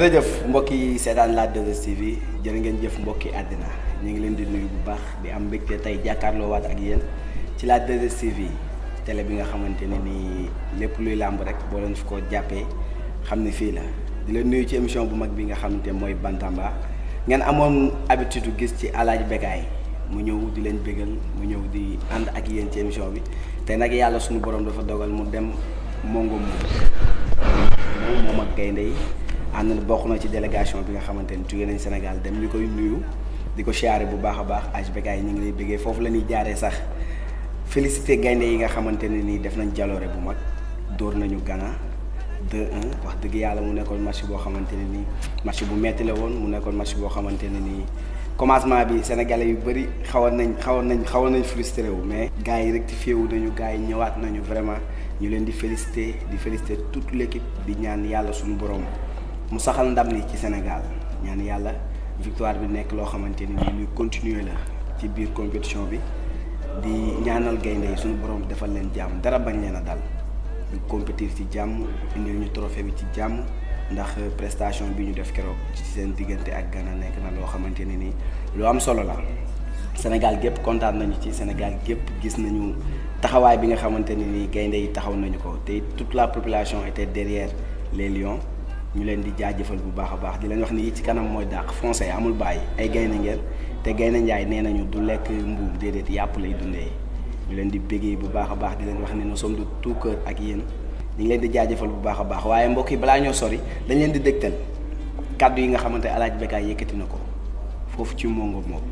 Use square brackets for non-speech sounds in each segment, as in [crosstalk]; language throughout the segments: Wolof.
jërëjëf mbokk yi seetaan la 2STV jërë ngeen jëf mbokki àddina ñu ngi leen di nuyu bu baax di am mbégte tey jàkkaarloo waat ak yéen ci la 2STV télé bi nga xamante ne nii lépp luy làmb rek boo leen fi ko jàppee xam ne fii la di leen nuyu ci émission bu mag bi nga xamante mooy Bantamba ngeen amoon habitude gis ci alaaj Bekaay mu ñëw di leen bégal mu ñëw di ànd ak yéen ci émission bi te nag yàlla suñu borom dafa dogal mu dem mongo moom moom ànd na bokk na ci délégation bi nga xamante ni jóge nañ Sénégal dem ñu koy nuyu di ko siyaare bu baax a baax HBK yi ñu ngi lay bëggee foofu la ñuy jaaree sax félicité gaynde yi nga xamante ne nii def nañ jaloore bu mag door nañu Ghana 2-1 wax dëgg yàlla mu nekkoon match boo xamante ne nii match bu metti woon mu nekkoon match boo xamante ne nii commencement bi sénégalais yu bëri xawoon nañ xawoon nañ xawoon nañ frustré wu mais gars yi rectifié wu nañu gars yi ñëwaat nañu vraiment ñu di félicité di félicité toute l'équipe di ñaan yàlla suñu borom mu saxal ndam li ci Sénégal ñaan yàlla victoire bi nekk loo xamante ni luy continuer la ci biir compétition bi di ñaanal gaynde yi suñu borom defal leen jàmm dara bañ leen a dal ñu compétir ci jàmm indil ñu trophée bi ci jàmm ndax prestation bi ñu def keroog ci seen diggante ak Ghana nekk na loo xamante ne nii loo am solo la Sénégal gépp kontaan nañu ci Sénégal gépp gis nañu taxawaay bi nga xamante ne nii gaynde yi taxaw nañu ko tey tout la population était derrière les lions ñu leen di jaajëfal bu baax a baax di leen wax ni ci kanam mooy dàq foncé amul bàyyi ay gaynde ngeen te gaynde njaay nee nañu du lekk mbuum déedéet yàpp lay dundee ñu leen di bégee bu baax a baax di leen wax ni nous sommes de tout cœur ak yéen di ngi leen di jaajëfal bu baax a baax waaye mbokk yi balaa ñoo sori dañ leen di dégtal kàddu yi nga xamante alaaj Bécaye yëkkati na ko foofu ci Mongo moom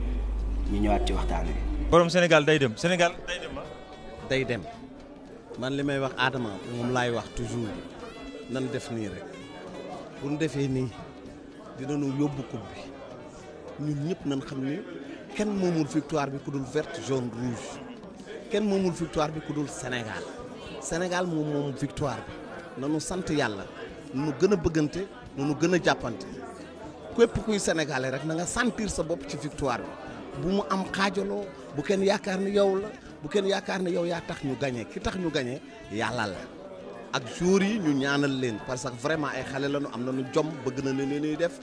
ñu ñëwaat ci waxtaan wi. borom Sénégal day dem Sénégal ah? dem man li may wax Adama laay wax toujours nan def bu ñu defee nii dinañu yóbbu coupe bi ñun ñëpp nañ xam ni kenn moomul victoire bi ku dul verte jaune rouge kenn moomul victoire bi ku dul Sénégal Sénégal moom moom victoire bi nanu sant yàlla nu gën a bëggante nanu gën a jàppante képp kuy sénégalais rek na nga sentir sa bopp ci victoire bi bu mu am xaajaloo bu kenn yaakaar ni yow la bu kenn yaakaar ni yow yaa tax ñu gañe ki tax ñu gañe yàlla la ak jour yi ñu ñaanal leen parce que vraiment ay xale lañu am nañu jom bëgg na ne ñuy def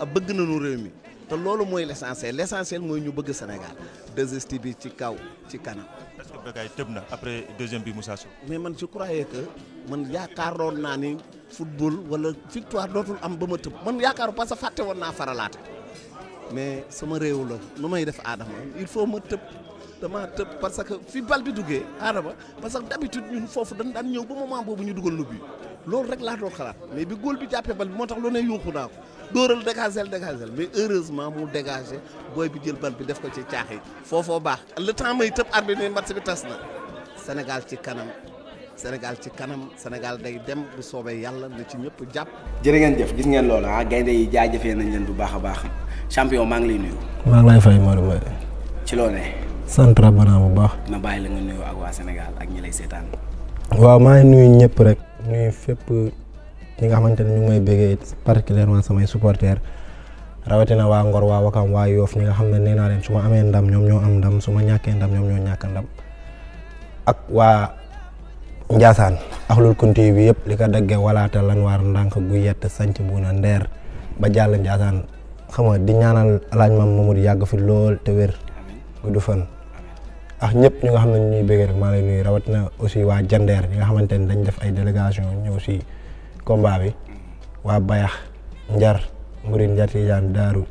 a bëgg nañu réew mi te loolu mooy l'essentiel l'essentiel mooy ñu bëgg Sénégal 2STV bi ci kaw ci kanam. est-ce que Bécaye tëb na après bi Moussa Sow. mais man je croyais que man yaakaar yaakaaroon naa ni football wala victoire dootul am ba ma tëb man yaakaaru parce que fàtte woon naa faralaate mais sama réew la nu may def aadama il faut ma tëb. dama tëb parce que fi bal bi duggee aadama parce que d'habitude ñun foofu dañ daan ñëw ba moment boobu ñu dugal lu bi loolu rek laa doon xalaat mais bi góol bi jàppee bal bi moo tax lu ne yuuxu naa ko dóoral dégager dégager mais heureusement mu dégager booy bi jël bal bi def ko ci caax yi foofoo baax le temps may tëb arbitre ne match bi tas na Sénégal ci kanam Sénégal ci kanam Sénégal day dem bu soobee yàlla na ci ñëpp jàpp. jërë ngeen jëf gis ngeen lool ah gaynde yi jaajëfee nañ leen bu baax a baax champion maa ngi lay nuyu. maa ci loo centre rab naa bu baax. la nga nuyoo ak waa Sénégal ak ñi lay waaw maa ngi nuyu ñëpp rek nuyu fépp ñi nga xamante ne ñu ngi may bëggee particulièrement samay supporters rawatina waa Ngor waa Wakam waa Yoof ñi nga xam ne nee naa leen su ma amee ndam ñoom ñoo am ndam su ma ñàkkee ndam ñoom ñoo ñàkk ndam ak waa Ndiassane axlul kunti bi yëpp li ko daggee walaata lan waar ndànk gu yett sanc bu na ndeer ba jàll Ndiassane xam nga di ñaanal alaaj mam Mamadou yàgg fi lool te wér gudd fan. ak ñëpp ñu nga xam ne ñuy bëggee rek maa lay nuyu rawatina aussi waa Jandeer ñi nga xamante ni dañ def ay délégation ñëw si combat bi waa Bayax Njar Mourine Njar Tidiane Daaru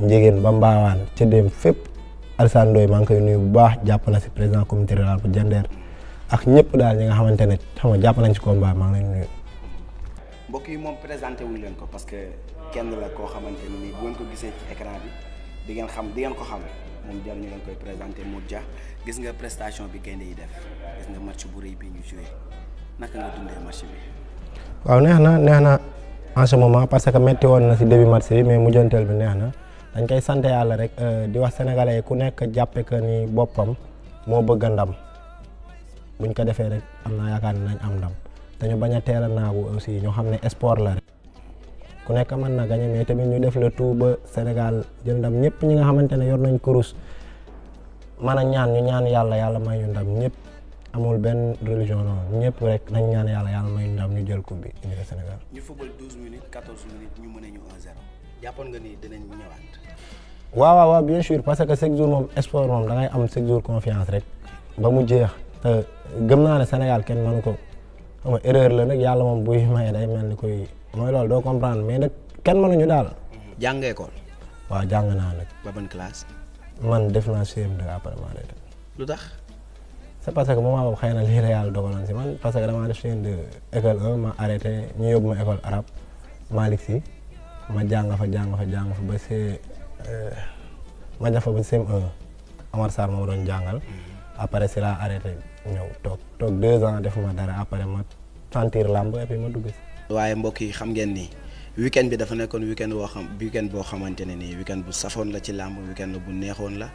Njegéen ba Mbaawaan ca dem fépp Alassane Ndoye maa ngi bu baax jàpp si président comité rural bu Jandeer ak ñëpp daal ñi nga xamante ne xam nga jàpp nañ si combat maa ngi lay mbokk yi moom présenté wuñu leen ko parce que kenn la koo xamante ni bu ngeen ko gisee ci écran bi di xam di ngeen ko xam. moom jar ñu leen koy gis nga prestation bi gaynde def gis bu rëy bi ñu joué waaw neex na neex na en parce que metti woon na ci début match mais mujjanteel bi neex na dañ koy sant yàlla rek euh, di wax sénégalais yi ku nekk jàppe que ni boppam moo bëgg ndam buñ ko defee rek am naa yaakaar nañ am ndam dañu bañ a teel a naagu aussi ñu xam ne sport la ku nekk mën na gagné mais tamit ñu def le tout ba Sénégal jël ndam ñëpp ñi nga xamante ne yor nañ kurus mën a ñaan ñu ñaan yàlla yàlla may ñu ndam ñëpp amul benn religion noonu ñëpp rek nañ ñaan yàlla yàlla may ñu ndam ñu jël coupe bi indi ko Sénégal. ñu football 12 ñu mën a ñu 1-0 jàppoon nga ni bien sûr parce que chaque jour moom sport moom da ngay am chaque jour confiance rek ba mu jeex te gëm naa ne Sénégal kenn mënu ko xam la nag yàlla moom buy maye day mel ni koy. mooy loolu doo comprendre mais nag kenn mënuñu daal. jàng école. waaw jàng naa nag. ba ban classe. man def naa CM2 lu tax. c' est que moment xëy na lii la yàlla dogaloon si man parce que damaa def CM2 école 1 ma arrêté ñu yóbbu ma école arabe Malick Sy ma jàng fa jàng fa jàng fa ba see euh, ma jàng fa ba cm Amar Sarr moo doon jàngal. Mm-hmm. après si laa arrêté ñëw toog toog deux ans defuma dara après ma sentir làmb et puis ma dugg si. waaye mbokk yi xam ngeen ni weekend bi dafa nekkoon weekend boo xam weekend boo xamante ne nii weekend bu safoon la ci làmb weekend bu neexoon la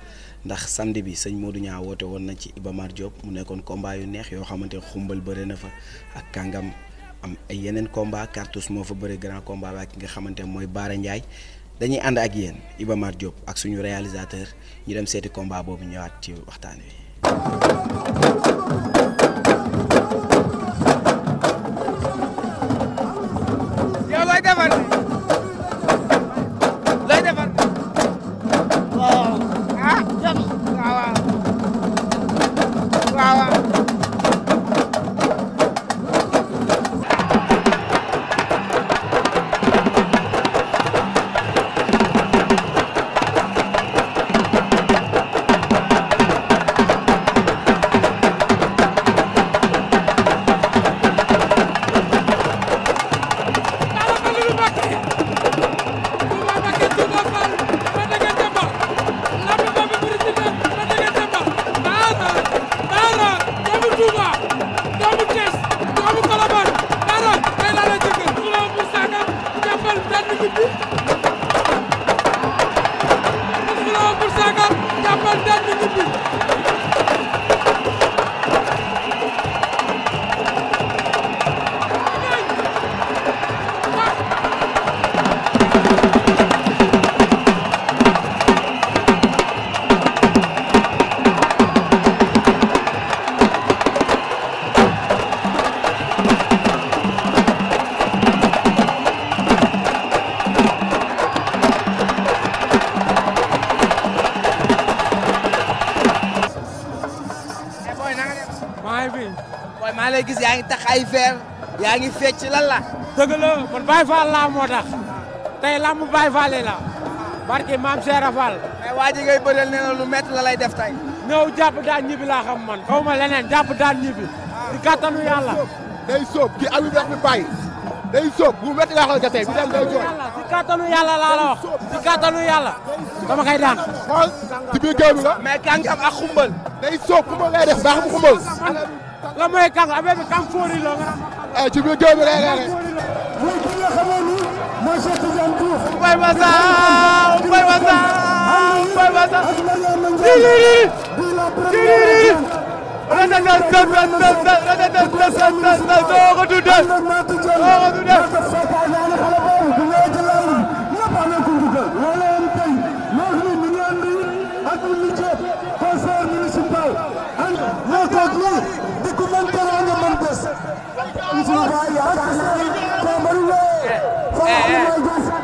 ndax samedi bi sëñ Modou Niang woote woon na ci Iba Mar Diop mu nekkoon combat yu neex yoo xamante xumbal bëre na fa ak kàngam am yeneen combat cartouche moo fa bëre grand combat ba ki nga xamante mooy Baara Ndiaye dañuy ànd ak yéen Iba Mar Diop ak suñu réalisateur ñu dem seeti combat boobu ñëwaat ci waxtaan wi. yaa ngi fecc lan la. dëgg la man Baye Fall laa moo tax tey làmb Baye Fall la barke maam Cheikh Fall. mais waa ji ngay bëreel nee na lu métti la lay def tey. ñëw jàpp daan ñibbi laa xam man xaw ma leneen jàpp daan ñibbi. di kattanu yàlla. day sóob ki alu weex bi bàyyi day sóob bu métti laa xam ne tey bu laa la wax di kattanu yàlla dama koy daan. xool ci biir géew bi la. mais kàngam ak xumbal. day soob xumbal lay def baax mu xumbal. la mooy kàng affaire bi kàng fóori la ay ci biir géew bi lay reere mooy ki nga xamee ni mooy Cheikh Tidiane Diouf Mbaye Massa Mbaye Massa Mbaye Massa jiriri jiriri ratatat ratatat ratatat doo ko tuddee doo ko tuddee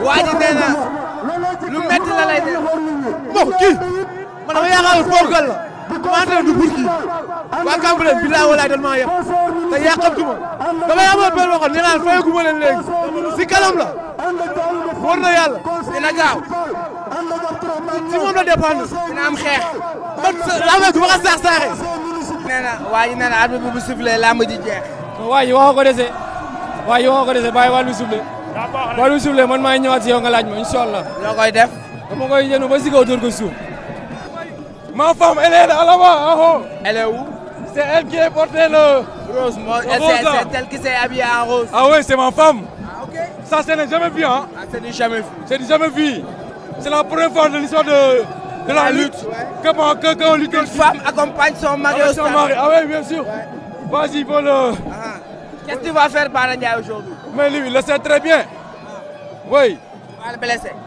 waa ji nee na lu métti la lay def. moo kii. man dama foogal la. maa ngi du pour kii. waa Cambérène bi laa walaay dañ maa yeb. te yàqamtu ma. dama yaakaar benn waxoon nee naa fayagu ma leen léegi. si kanam la. war na gaaw. si moom la dépendre. dina xeex. man du ma ko saax saaxee. nee na waa bi bu sifflee làmb ji jeex. waaye waxoo ko dese waaye waxoo ko dese bàyyi wàllu boo du maa ngi ñëwaat si nga laaj ma incha allah. koy def. dama koy yenu ba si kaw dóor ko suuf. ma femme elle est là là-bas en ah haut. Oh. elle est où. c'est elle qui est portée le. rose mooy c'est elle qui s'est habillée en rose. ah, ah, ah la première fois de l'histoire de. de la, la lutte que ma que que on lutte. une femme accompagne mari au stade. ah oui bien sûr. Ouais. vas-y il faut le. ah qu'est-ce que Mais lui, il le sait très bien. Oui.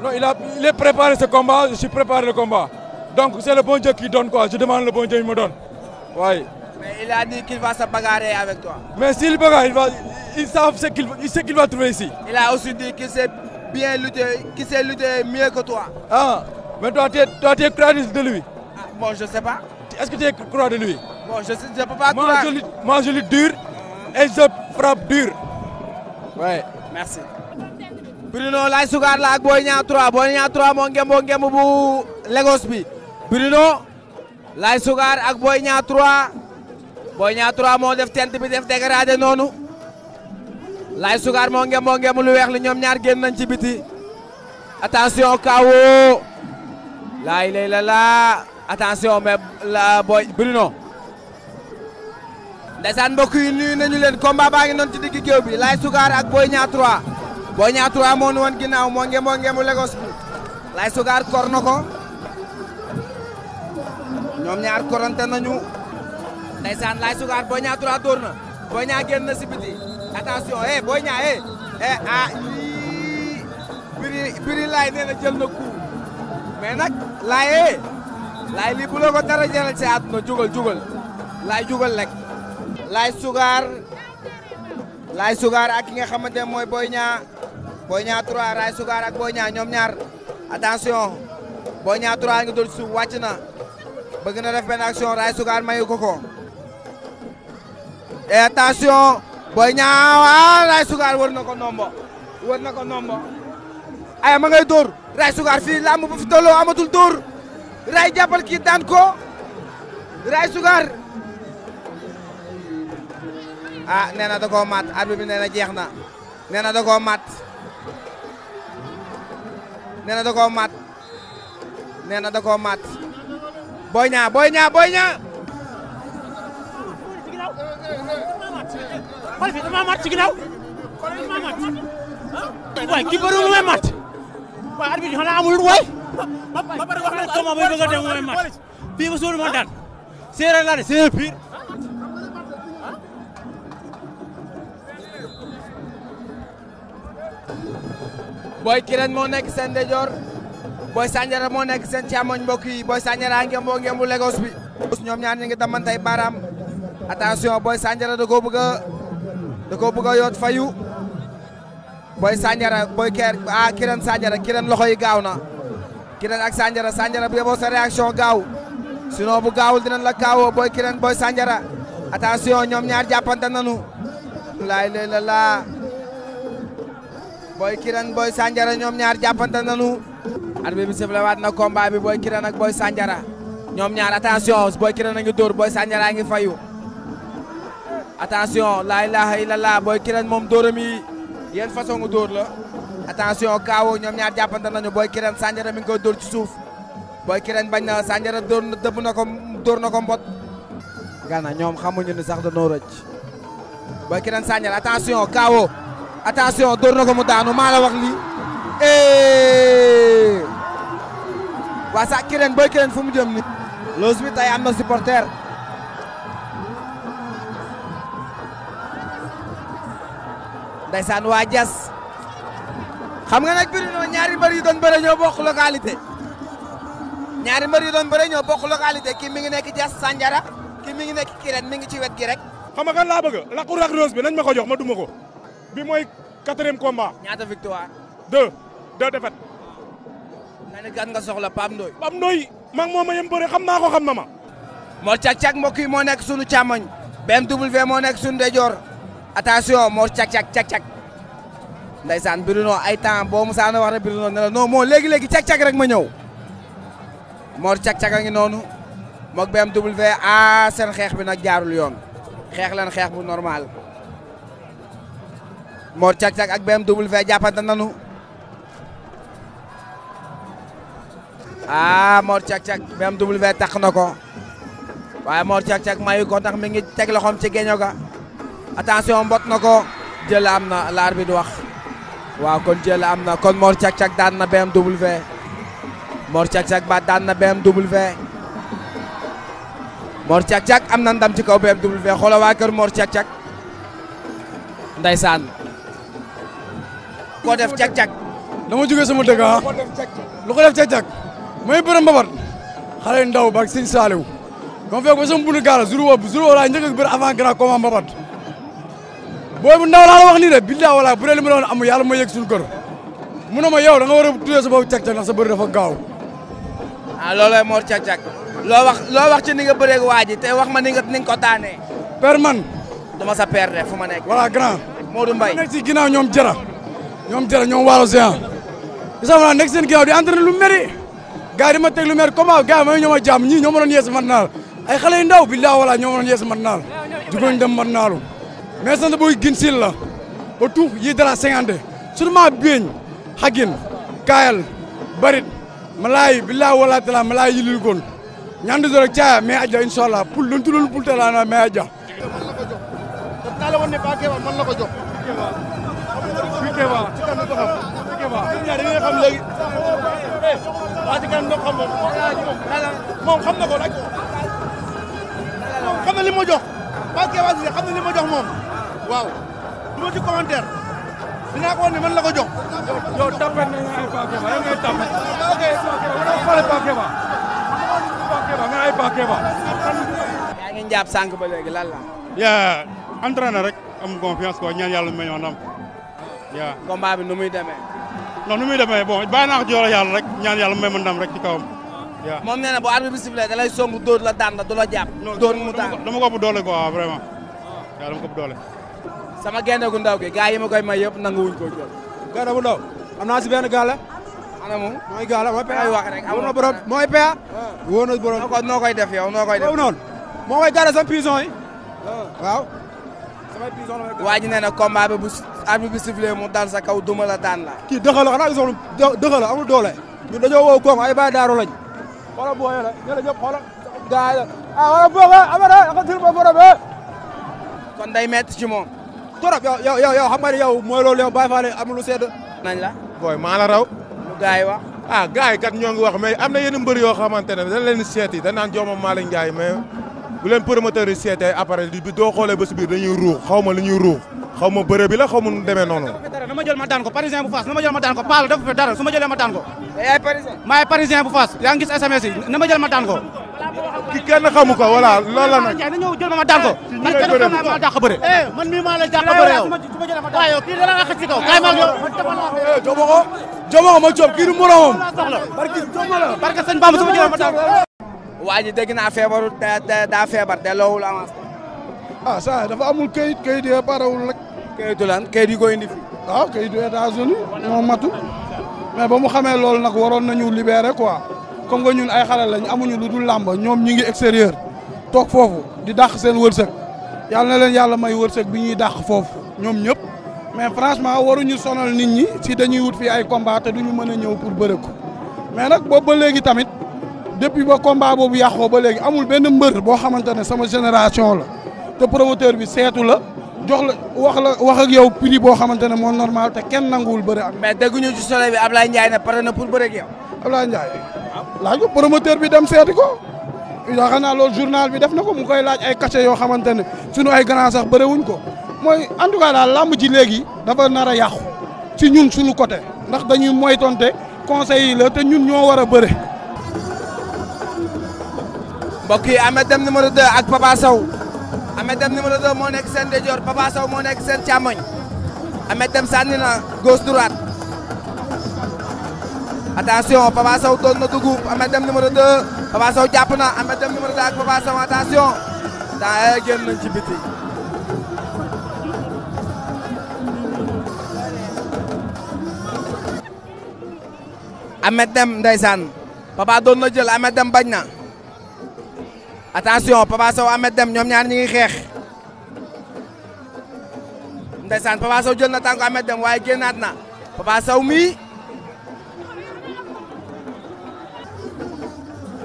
Non, il, a, il est préparé ce combat, je suis préparé le combat. Donc c'est le bon Dieu qui donne quoi. Je demande le bon Dieu, il me donne. Oui. il a dit qu'il va se avec toi. Mais s'il il, va, il, sait qu'il qu va trouver Il a aussi dit qu'il sait bien lutter, qu'il sait lutter mieux que toi. Ah, mais toi, tu es, toi, es de lui. Ah, bon, je Est-ce que tu es de lui Bon, je ne peux pas moi, croire. Je, moi, je lutte oui merci. Bruno lay sukaar la ak Boy Niang 3 Boy Niang 3 moo ngembo ngemb bu Lagos bi Bruno lay sukaar ak Boy Niang 3 Boy moo def tent bi def dégradé noonu lay sukaar moo ngembo ngemb lu weex li ñoom ñaar génn nañ ci biti attention kawo laay lay la la attention mais la Boy Bruno ndeysaan mbokk yi nuyu nañu leen combat baa ngi noonu ci digg géew bi Laye Sougar ak Boy Niang 3 Boy Niang 3 moo nu woon ginnaaw moo nge moo ngemu Lagos bi Laye kor na ko ñoom ñaar korante na Boy Niang génn na si biti attention eh Boy Niang eh eh ah, na jël na coup mais nag Laye eh. Laye lii bu la ko Laye Sougar Laye Sougar ak ki nga xamante ne mooy booy Niang Boy Niang 3 Laye Sougar ak Boy Niang ñoom ñaar attention Boy Niang 3 ngi dul suuf wàcc na bëgg na def benn action Laye Sougar ko ko et attention Boy Niang ah Laye Sougar wër na ko nombo wër na ko nombo ay ma ngay dóor Laye Sougar fii làmb amatul dóor Laye jàppal kii ko Laye Sougar a ah, nee na da koo matt arbitre bi nee na jeex na nee na da koo matt nee na da koo matt nee na da koo matt Boy Niang Boy Niang fi dama mat ci ginnaaw dama mat ki bëri lu may mat bi xanaa amul waay ba pare wax booy Kirène moo nekk seen ndeyjoor booy Sandiara moo nekk seen càmmoñ mbokk yi booy Sandiara ngeen boo ngeen bi. ñoom ñaar ñu ngi damantay baaraam attention booy Sandiara da koo bëgg a bëgg a yoot fayu booy Sandiara booy Kër ah Kirène Sandiara Kirène loxo yi gaaw na Kirène ak Sandiara Sandiara bu yeboo sa réaction gaaw sinon bu gaawul dinañ la kaawoo booy Kirène booy Sandiara attention ñoom ñaar jàppante nañu. laay lay la laa. Boy Kirane booy Sandiara ñoom ñaar jàppante nañu arbitre bi sifflé waat na combat bi Boy Kirane ak Boy ñoom ñaar attention Boy Kirane a ngi dóor booy Sandiara a ngi fayu attention laa ilaha illallah Boy Kirane moom dóoram yi yéen façon ngu dóor la attention kaawo ñoom ñaar jàppante nañu Boy Kirane Sandiara mi ngi koy dóor ci suuf Boy Kirane bañ na Sandiara dóor na dëbb na ko dóor na ko mbot gana ñoom xamuñu ni sax dañoo rëcc Boy Kirane Sandiara attention dóor na ko mu daanu maa la wax lii eh. waa sax kireen booy fu mu jëm ni loos bi tey na supporter ndaysaan waa Diass xam nga nag biri noonu ñaari mbër yu doon bëre ñoo bokk localité ñaari mbër yu doon bëre ñoo bokk localité kii mi ngi nekk Diass Sandiara kii mi ngi nekk kireen mi ngi ci wet gi rek xam nga kan laa bëgg laqu rak jox ma ko bi mooy quatrième combat. ñaata victoire. deux deux défaites. nga ne gan soxla Pape Ndoye. Pape ndooy maa ngi moom a yem xam naa xam na ma. Mor Cak Cak mbokk yi moo nekk sunu càmmoñ. BMW moo nekk sunu ndeyjoor. attention Mor Cak Cak Cak Cak. Ndeysaan Bruno ay temps boo Musaana wax rek Bruno ne la non moo léegi léegi Cak Cak rek ma ñëw. Mor Cak Cak a ngi noonu. moog BMW a seen xeex bi nag jaarul yoon. xeex lan xeex bu normal. Mor Cak Cak ak BMW jàppante nanu ah Mor Cak Cak BMW takk na ko waaye moor Cak Cak mayu ko ndax mi ngi teg loxoom ci geño ga attention mbot na ko jël am na laar bi wax waaw kon jël am na kon Mor Cak Cak daan na BMW Mor Cak Cak ba daan na BMW moor Cak Cak am na ndam ci kaw BMW xoolal waa kër moor Cak Cak ndeysaan koo def cag-cag dama jógee sama dëkk ah lu ko def cag-cag may bëri mbabat xale ndaw ba ak sëñ Saaliw ba mu fekk ba gaara jour woo jour woo laa njëkk ak bëri avant grand combat mbabat booy bu ndaw laa la wax nii de billaa wala bu dee li ma doon am yàlla ma yëg suñu kër mu ne ma yow da nga war a tuddee sa bopp cag-cag sa bëri dafa gaaw ah loolooy moor cag-cag loo wax loo wax ci ni nga bëreeg waa ji te wax ma ni nga ni ko taanee per man dama sa père de fu ma nekk voilà grand Modou Mbaye nekk ci jara ñoom jërë ñoom waalo a isa ma nekk seen ginnaaw di entraîné lu méri gars yi di ma teg lu méri comment ah, gars yi may ñoom a jàmm ñii ñoo ma doon yees mat naal ay xale yu ndaw billaa wala ñoo ma doon yees mat naal jugóñ dem mat naalu mais sant la ba tuux yi dara cinquante sûrement beeñ xagin kaayal barit malaay billaa wala tala malaay yi lil goon ñandi do caaya mais aja inshallah pour lu tudul pour tala na mais aja piqué ba ci kanam ko ñaar yi nga xam léegi waa ci kanam ko moom moom xam na ko moom xam na li ma jox waa Kéba Cissé xam moom waaw du ma ci commentaire dinaa ko ko jox yow tapet na nga ay Pa Kéba yow ngay tapet ok yaa ngi jàpp sànq ba léegi lan la yaa entraîné rek am confiance quoi ñaan yàlla may ñoo waaw combat i nu muy demee. non nu muy demee bon bàyyi naa ko ci yàlla rek ñaan yàlla may ma ndam rek ci kawam. waaw moom nee na bu arbitre bi sifflé da la daan la du la jàpp. dóor mu daan dama ko ëpp doole quoi vraiment. waaw dama ko doole. sama gaynde gu ndaw gi gars yi ma koy may yëpp nanguwuñ ko jël. gaynde gu ndaw am naa si benn mooy gàlla mooy PA. wax rek amoon mooy PA. Ah. wóor na borom noo koy def yow noo koy def. boobu noonu ah. waaw. waa ji nee na combat bi bu arbitre bi sifflé mu dal sa kaw duma la daan la. kii dëxala xanaa gis nga dëxala amul doole. ñun dañoo woo kooku ay ba daaru lañ. xoolal booyee la ñeneen ñëpp xoolal gaa yi la ah wala booyee amara ak tir ba borom kon day métti ci moom. torop yow yow yow xam nga ne yow mooy loolu yow bàyyi faa am lu sedd. nañ la. booy maa la raw. lu gaa yi aa ah gaa yi ñoo ngi wax mais am na yenn mbër yoo xamante ne dañ leen seeti dañ naan joomam Malick Ndiaye mais. bu leen promoteur yi seetee appareil bi doo xoolee ba si biir ruux xaw ma ruux xaw bërëb bi la nu demee noonu. na jël ma daan ko parisien bu faas na jël ma daan ko Paal dafa bu faas yaa gis SMS yi na jël ma daan ko. ki kenn xamu ko voilà loolu la nag. jël ma ma daan ko. man kenn xam naa maa dàq bëre. Eh, man mii maa la dàq bëre yow. waaw yow kii dara la xëcc ci kaw kaay ma eh, ko eh, ma daan ko waa ji dégg naa feebaru daa feebar delloowul avance. ah ça dafa amul kayit kayit yee parewul rek. kayitu lan kayit yi ko indi fi. waaw ah, kayitu États-Unis moo matu. mais ba mu xamee loolu nag waroon nañu libéré quoi comme que ñun ay xale lañ amuñu lu dul làmb ñoom ñi ngi extérieur toog foofu di dàq seen wërsëg yàlla na leen yàlla may wërsëg bi ñuy dàq foofu ñoom ñëpp mais franchement waruñu sonal nit ñi si dañuy wut fii ay combat te duñu mën a ñëw pour bëre ko mais boobu ba depuis ba combat boobu yàqoo ba léegi amul benn mbër boo xamante ne sama génération la te promoteur bi seetu la jox la wax la wax ak yow prix boo xamante ne moo normal te kenn nanguwul bëri ak. mais dégguñu ci soleil bi Ablaye Ndiaye ne pare na pour bëri ak yow. Ablaye Ndiaye laaj ko promoteur bi dem seeti ko yaakaar xanaa lool journal bi def na ko mu koy laaj ay cachet yoo xamante ne sunu ay grand sax wuñ ko mooy en tout cas daal làmb ji léegi dafa nar a yàqu ci ñun suñu côté ndax dañuy moytonte conseil yi te ñun ñoo war a bëre. mbokk yi Ameth Deme numéro 2 ak Papa Sow Ameth Deme numéro 2 moo nekk seen ndeyjoor Papa Sow moo nekk seen càmmoñ Ameth Deme sànni na gauche droite attention Papa Sow doon na dugub Ameth Deme numéro ak Papa Sow attention temps yii nañ ci biti. Ameth Deme ndeysaan na jël Ameth Deme attention Papa Sow Ahmed Deme ñoom ñaar ñi xeex ndeysaan Papa Sow jël na tànku Ahmed Deme waaye génnaat na Papa Sow mii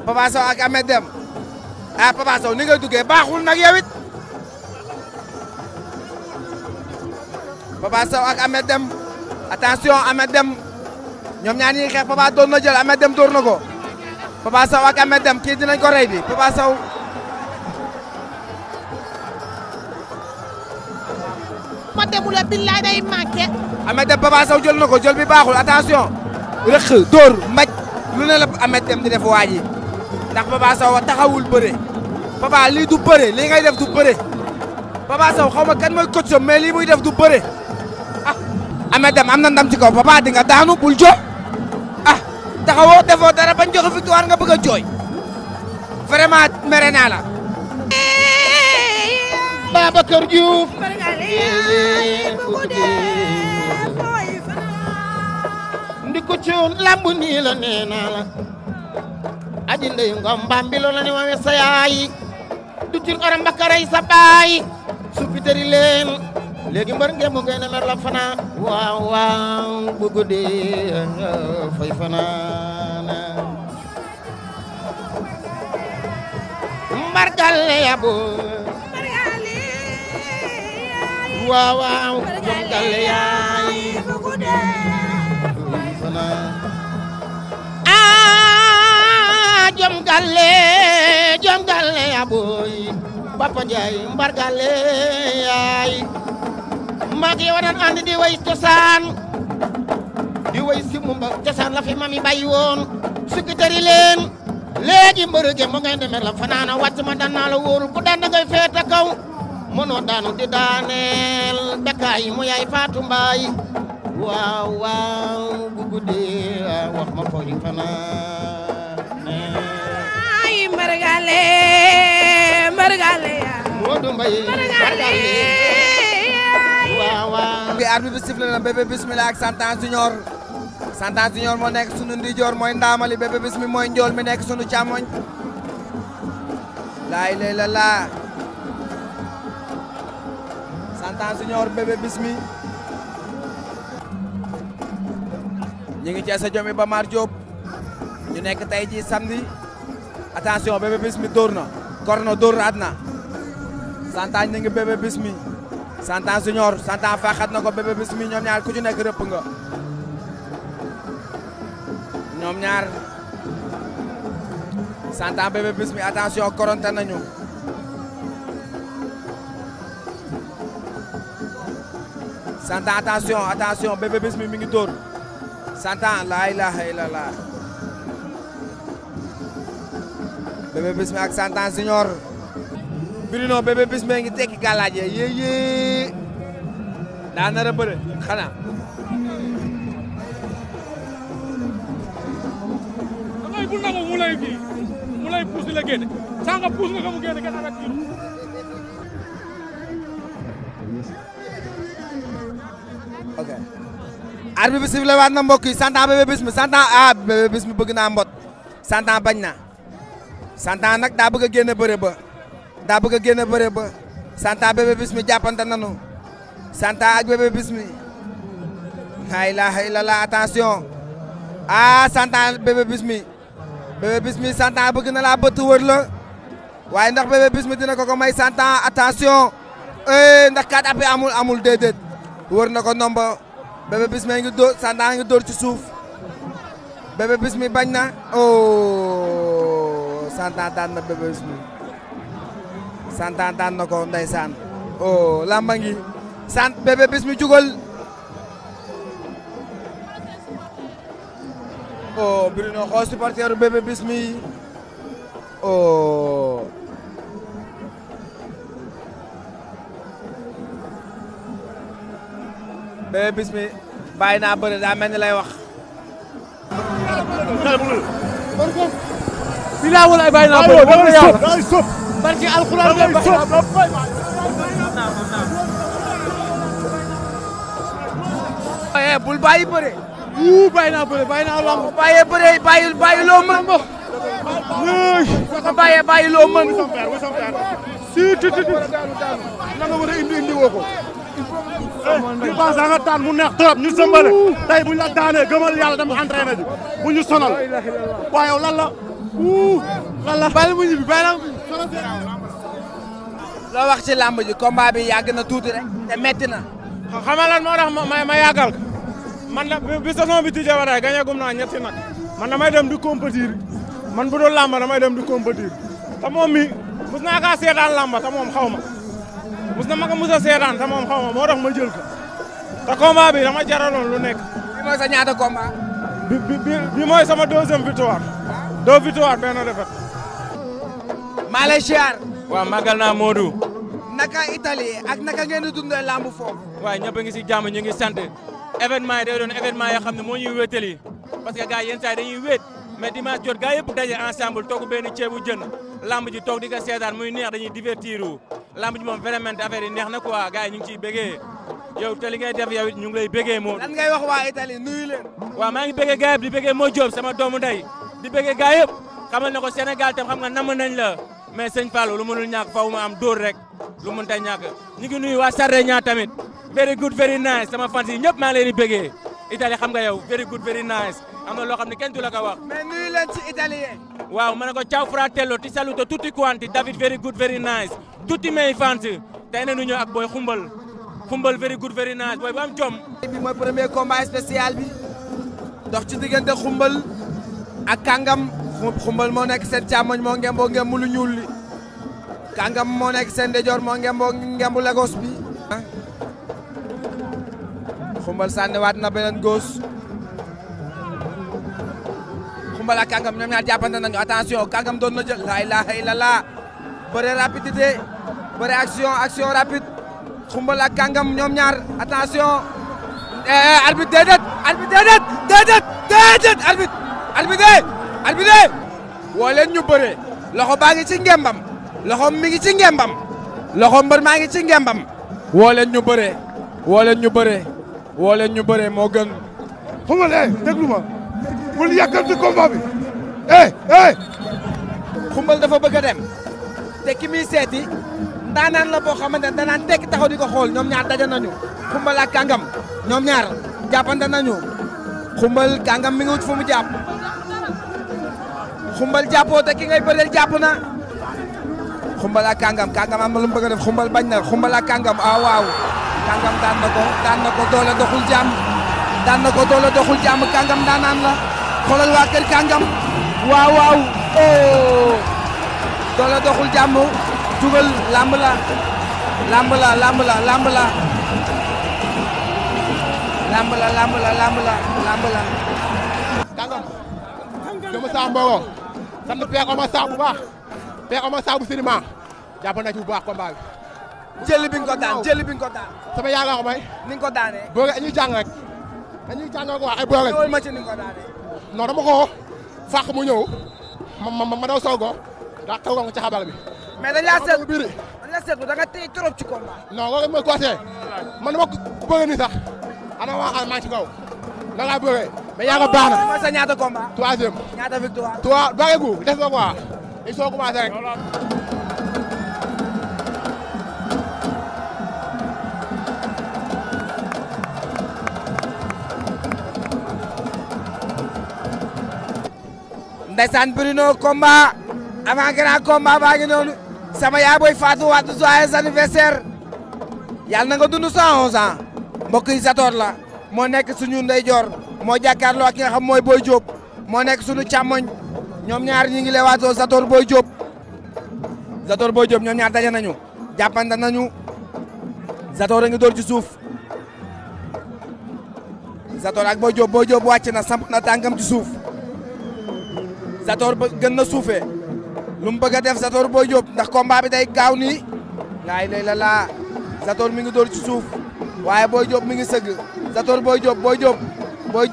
Papa Sow ak Ahmed Deme ah, Papa Sow ni ngay duggee baaxul nag yow it Papa Sow ak Ahmed Deme attention Ahmed ñoom ñaar ñi ngi xeex Papa doon na jël Ahmed Deme door na ko Papa Sow ak Ahmed Deme kii dinañ Papa Sow ma demulee billaay day manqué. Ameth Deme Papa Sow jël na ko jël bi baaxul attention. rëq dóor mbaj lu ne la Ameth Deme di def waa ndax Papa Sow taxawul bëre Papa lii du bëre lii ngay def du bëre Papa Sow xaw ma kan mooy coach am mais lii muy def du bëre ah Ameth Deme am na ndam ci kaw Papa di nga daanu bul jo ah taxawoo defoo dara bañ joxe victoire nga bëgg a jooy vraiment mere naa la. Babacar Diouf ndiko cuun lamb nii la nee naa la aji ndeyu ngom ni wawe sa yaay du tin oram bakaray sa leen léegi mbar ngeen mu ngeen la fana waaw waaw bu guddee fay fanaana waaw waa ah, jom dal yaay aa jom galle jom galle mbar galle yaay maak yow daan di way cosaan di way si cosaan la mami bay woon sukki tëri leen léegi ngay demee la fanaana wàcc ma wóorul ku daan kaw mënoo daanu di daaneel dakkaay mu yaay faatu mbaay waaw waaw bu guddee wax ma ko yi fanaane ay mbargale mbargale yaa Modou Mbaye mbargale waaw waaw bi arbitre bi sifflé na bébé bismillah ak Santang Junior Santang Junior moo nekk sunu ndijoor mooy ndaamali bébé bismi mooy njool mi nekk sunu càmmoñ lay la laa Tann Junior Bébé Bismi ñu ngi ci sa jomi ba Mar Diop ñu nekk tey ji samedi attention Bébé Bismi dóor na korno dóor na at na santan ñu ngi Bébé Bismi santaan Junior santaan na ko Bébé Bismi ñoom ñaar ku ci nekk rëpp nga ñaar santaan Bébé Bismi attention koronte nañu Santa attention attention Bébé Bismi mi ngi dóor Santa laa ilaaha ak Santa Junior Bruno Bébé Bismi ngi tekki gàllaaj yee yee daa nar a bëre xanaa da ngay mu lay kii mu lay puus di la génne puus nga ko mu génne kenn anak kii ok arbitre bi sifflé na mbokk yi Santa Bébé Bismi Santa ah Bébé bëgg naa mbot Santa bañ na Santa nag daa bëgg a génn bëre daa bëgg a génn bëre ba Santa Bébé Bismi jàppante nanu Santa ak Bébé Bismi laa ilaaha illallah attention ah Santa Bébé Bismi Bébé Bismi bëgg na laa bëtt wër la waaye ndax Bébé Bismi dina ko ko may Santa attention eh ndax kat amul amul déedéet wër na ko ndombo Bébé Bismi ngi dóor ngi dóor ci suuf Bébé mi bañ na oh Sanda daan na Bébé Bismi Sanda daan na ko ndeysaan oh lamba ngi sant Bébé Bismi jugal oh Bruno xool supporteru Bébé Bébé Bismi bàyyi naa bëri daa mel ni lay wax. bilaa walaay bàyyi naa bëri wala alxuraan bàyyi naa bëri. eh bul bàyyi bëri. wuu bàyyi naa bëri bàyyi naa lamb. bàyyee bëri bàyyi bàyyi loo mën. nga bàyyee bàyyi loo mën. si tuuti tuuti. na i war a indi indi woo di passe da nga daan mu neex trop ñu sëmbale tey buñ la daanee gëmal yàlla ñu sonal waaw yow lan la mu ñibbi bàyyi la loo wax ci làmb ji combat bi yàgg na tuuti rek te metti na xama lan moo tax ma ma man la bi saison bi tijjee ba tey gagné gum naa ñetti nag man dem di compétir man bu doon làmba damay dem di compétir te mi mos naa kaa seetaan làmba te moom mos na ma ko mos a seetaan te moom xaw ma moo tax ma jël ko te combat bi lu nekk. bi mooy sa ñaata combat. bi bi bi mooy sama deuxième victoire. deux victoire benn défaite. maa lay ziar. waaw màggal naa Modou. naka Italie ak naka ngeen di dundee làmb foofu. waaw ñëpp si jàmm ñu ngi sant événement yi day doon événement yoo xam ne moo ñuy wéetali parce que gars yi yenn saa yi mais dimanche jot gaa yëpp daje ensemble togg benn ceebu jën lamb ji toog di ko seetaan muy neex dañuy divertir wu lamb ji moom vraiment affaire yi neex na quoi gars yi ñu ngi li ngay def yow ñu ngi lay bëggee moom. lan ngay wax waa Italie nuyu leen. waaw maa ngi bëggee gaa yëpp di bëggee moo Diop sama doomu ndey di bëggee gaa yëpp na ko Sénégal tam xam nga namm nañ la mais sëñ Fallou lu mënul ñàkk faw ma am door rek lu mënta ñàkk ñu ngi nuy waa Sarre ñaa tamit very good very nice sama fans yi ñëpp maa ngi leen di bëggee Italie xam yow very good very nice am na loo xam ne kenn du ka ko wax. mais nuyu leen ci italien. waaw ma ne ko ciao fratello ti saluto tutti quanti David very good very nice tutti may fans tey na nu ñëw ak booy xumbal xumbal very good very nice booy bu am bi mooy premier combat spécial bi dox ci diggante xumbal ak kàngam xumbal moo nekk seen càmmoñ moo ngemboo ngembu lu ñuul moo nekk seen dejoor moo lagos bi. xumbal sànniwaat na beneen góos. Xumbala Kangam ñoom ñaar jàppante nañu attention Kangam doon na jël la ilaha illallah bëre rapidité bëre action action rapide Xumbala Kangam ñoom ñaar attention eh, eh, arbitre déedéet arbitre déedéet déedéet déedéet arbitre arbitre arbitre woo leen ñu bëre loxo baa ngi ci ngembam loxom mi ngi ci ngembam loxo mbër maa ngi ci ngembam woo leen ñu bëre woo ñu bëre woo leen ñu moo gën xumbale ma bul yàkkamti combat bi eh eh. xumbal dafa bëgg a te ki muy seeti ndaanaan la boo xamante ne danaan tekki taxaw di ko xool ñoom ñaar daje nañu xumbal ak ñoom ñaar jàppante nañu xumbal kàngam mi ngi wut fu mu jàpp xumbal jàppoo te ki ngay bëreel jàpp na xumbal ak kàngam kàngam am bëgg def xumbal bañ na xumbal ak kàngam ah waaw kàngam ko daan na ko doole doxul jàmm daan doole doxul jàmm kàngam daanaan la. xoolal waa kër kàngam waaw waaw oh doole doxul jàmm dugal làmb la làmb la làmb la làmb la làmb la làmb la làmb la làmb la. kàngam jëmm saa mbooloo sant Père bu baax Père Omar Sarr bu cinéma na ci bu baax combat bi. bi nga ko daan jëli bi ko daan. sama yaakaar may. ni nga ko daanee. boole ñu jàng rek. dañuy jàng rek waa ay boole. loolu non dama ko fàq mu ñëw ma ma ma daw soog a daa taw nga ci xabal bi. mais dañ laa seetlu dañ laa da nga téye trop ci combat. non loolu mooy côté ni sax ana waa xam maa ci kaw na laa bëggee mais yaa nga baax na. mooy sa ñaata combat. troisième ñaata gu des na quoi il soo commencé ndeysaan Bruno combat avant grand combat baa ngi noonu sama yaay booy Fatou Wade joyeux anniversaire yàlla na nga dund 111 ans mbokk yi Zator la moo nekk suñu ndeyjoor moo jàkkaarloo ak ki nga xam mooy Boy Diop moo nekk suñu càmmoñ ñoom ñaar ñi ngi leewaatoo Zator Boy Diop Zator Boy Diop ñoom ñaar daje nañu jàppante nañu Zator a ngi door ci suuf Zator ak Boy Diop Boy Diop wàcc na samp na tànkam ci suuf Zator ba gën na suufee lu mu bëgg a def Zator Boy Diop ndax combat bi day gaaw nii laay lay la laa Zator mi ngi dóor ci suuf waaye Boy mi ngi sëgg Zator Boy Diop Boy Diop Boy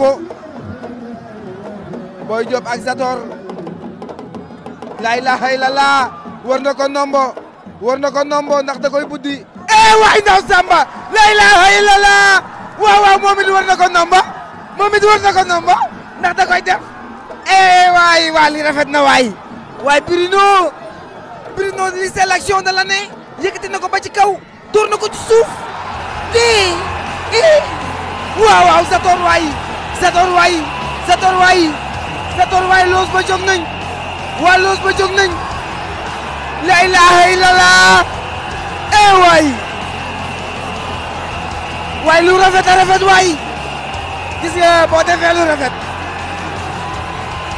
ko Boy ak Zator laay laay la laa war na ko nombo war na ko nombo ndax da koy buddi eh waay ndaw Samba laay laay la laa waaw waaw moom it war na ko nombo moom it war na ko nombo ndax da koy def. eh waay waa li rafet na waay waay Bruno Bruno li c'est l'action de l'année yëkkati na ko ba ci kaw dóor na ko ci suuf eh eh waaw waaw Zator waay Zator waay Zator waay Zator waay loos nañ waa loos ba nañ la ilaha illallah eh waay waay lu rafet a rafet waay gis nga boo lu rafet.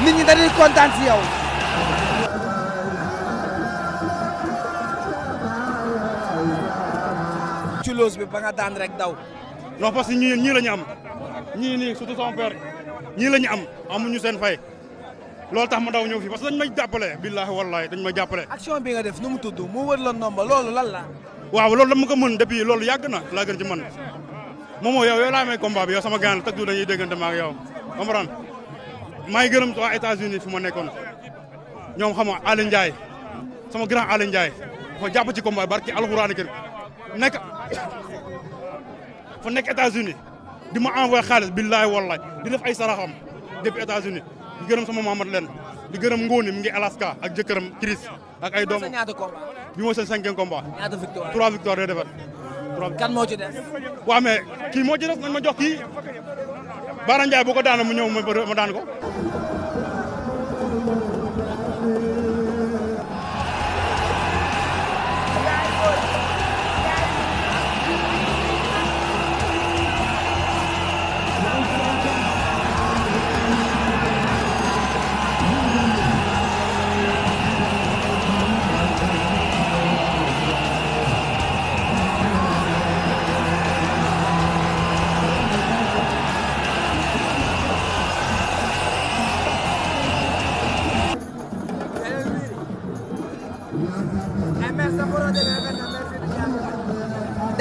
nit ñi dañuy kontaan si yow. bi ba nga daan rek daw. non parce que ñii ñii la ñu am ñii nii surtout son père ñii la ñu am amuñu seen fay loolu tax ma daw ñëw fii parce dañ may jàppale billaahi wallaahi dañ may jàppale. action bi nga def nu mu tudd mu wër la ndomba loolu lan la. waaw loolu dama ko mën depuis loolu yàgg na laa gën ci mën moom yow yow laa may combat bi yow sama gaan la tag du dañuy déggante ma ak maa ngi gërëm waa États-Unis fi ma nekkoon ñoom xam nga Aliou sama grand Aliou Ndiaye dafa jàpp ci combat barki alxuraan kër nekk fa nekk États-Unis di ma envoyé xaalis billaay wallaay di def ay saraxam depuis États-Unis di gërëm sama Mamadou Len di gërëm Ngóoni mi ngi Alaska ak jëkkëram Chris ak ay doomam bi mooy seen cinquième combat. trois victoire de défaite. kan moo ci des. waaw mais kii moo ci des nañ ma jox kii. Baara Ndiaye bu ko daanee mu ñëw mu daan ko.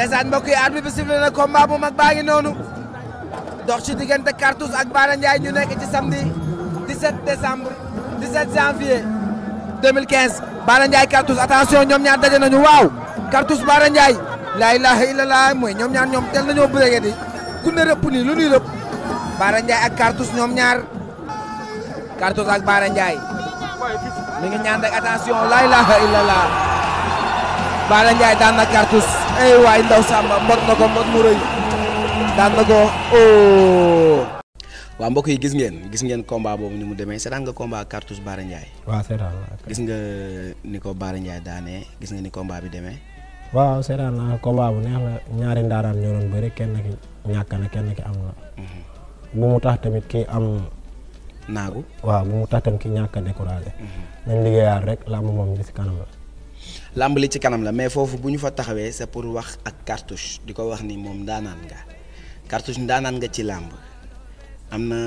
ndeysaan mbokk yi arbitre bi sifflé na combat bu mag baa ngi noonu dox ci diggante Cartouche ak Bara Ndiaye ñu nekk ci samedi 17 décembre 17 janvier 2015 Bara Ndiaye Cartouche attention ñoom ñaar daje nañu waaw Cartouche Bara Ndiaye laa ilaaha mooy ñoom ñaar ñoom tel nañoo bërege di ku ne rëpp nii lu nuy ak Cartouche ñoom ñaar Cartouche ak Bara Ndiaye mi ngi ñaan rek attention laa ilaaha Balla Ndiaye daan na eh oh. waaw mbokk yi gis ngeen gis ngeen combat boobu ni mu demee seetaan nga combat Cartouche Bara Ndiaye. waaw seetaan gis nga ni ko Bara Ndiaye gis nga ni combat bi demee. waaw seetaan naa combat bu neex la ñaari ndaaraan ñoo doon kenn ki ñàkk na kenn ki am na. Mhm. bu mu tax tamit ki ñàkk a découragé. Mhm. liggéeyaat rek làmb moom ci kanam la. làmb li ci kanam la mais foofu bu ñu fa taxawee sa pour wax ak Cartouche di ko wax ni moom ndaanaan nga Cartouche ndaanaan nga ci làmb am na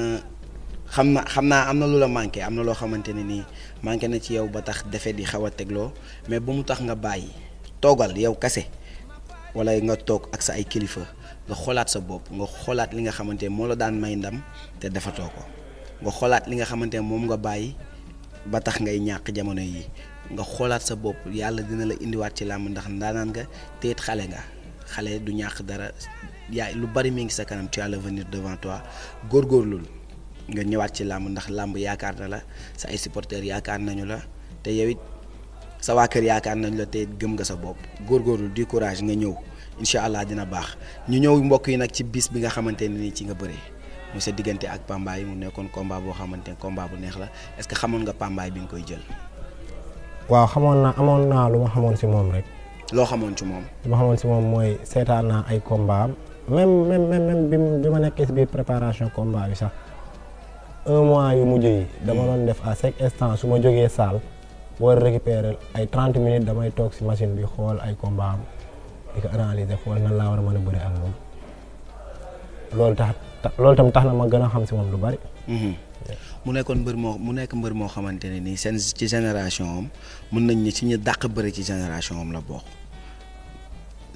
xam na xam naa am na lu la manqué am na loo xamante ne nii manqué na ci yow ba tax defe di xaw a tegloo mais bu mu tax nga bàyyi toogal yow kase wala nga toog ak sa ay kilifa nga xoolaat sa bopp nga xoolaat li nga xamante ne moo la daan may ndam te defatoo ko nga xoolaat li nga xamante ne moom nga bàyyi ba tax ngay ñàkk jamono yi nga xoolaat sa bopp yàlla dina la indiwaat ci làmb ndax ndaanaan nga teet xale nga xale du ñàq dara yaay lu bari mi ngi sa kanam tu as l'avenir devant góor góorgóorlul nga ñëwaat ci làmb ndax làmb yaakaar na la sa ay supporteurs yaakaar nañu la te yow it sa waa kër yaakaar nañu la tey gëm nga sa bopp góorgóorlul du courage nga ñëw incha allah dina baax ñu ñëw mbokk yi nag ci bis bi nga xamante ne nii ci nga bëree mu sa diggante ak Pambaay mu nekkoon combat boo xamante ne combat bu neex la est-ce que xamoon nga Pambaay bi nga koy jël. waaw xamoon naa amoon naa lu ma xamoon si moom rek. loo xamoon ci moom. lu ma xamoon si moom mooy seetaan naa ay combat am même même même bi ma nekkee si biir préparation combat bi sax un mois yu mujj yi. dama doon def à chaque instant su ma jógee salle war récupérer ay trente minutes damay toog si machine bi xool ay combat am di ko analyser xool nan laa war a mën a bëri ak moom loolu tax loolu tam tax na ma gën a xam si moom lu bari. Mhm. mu nekkoon mbër moo mu nekk mbër moo xamante ne nii seen ci génération am mën nañ ni ci ñu dàq bëri ci génération am la bokk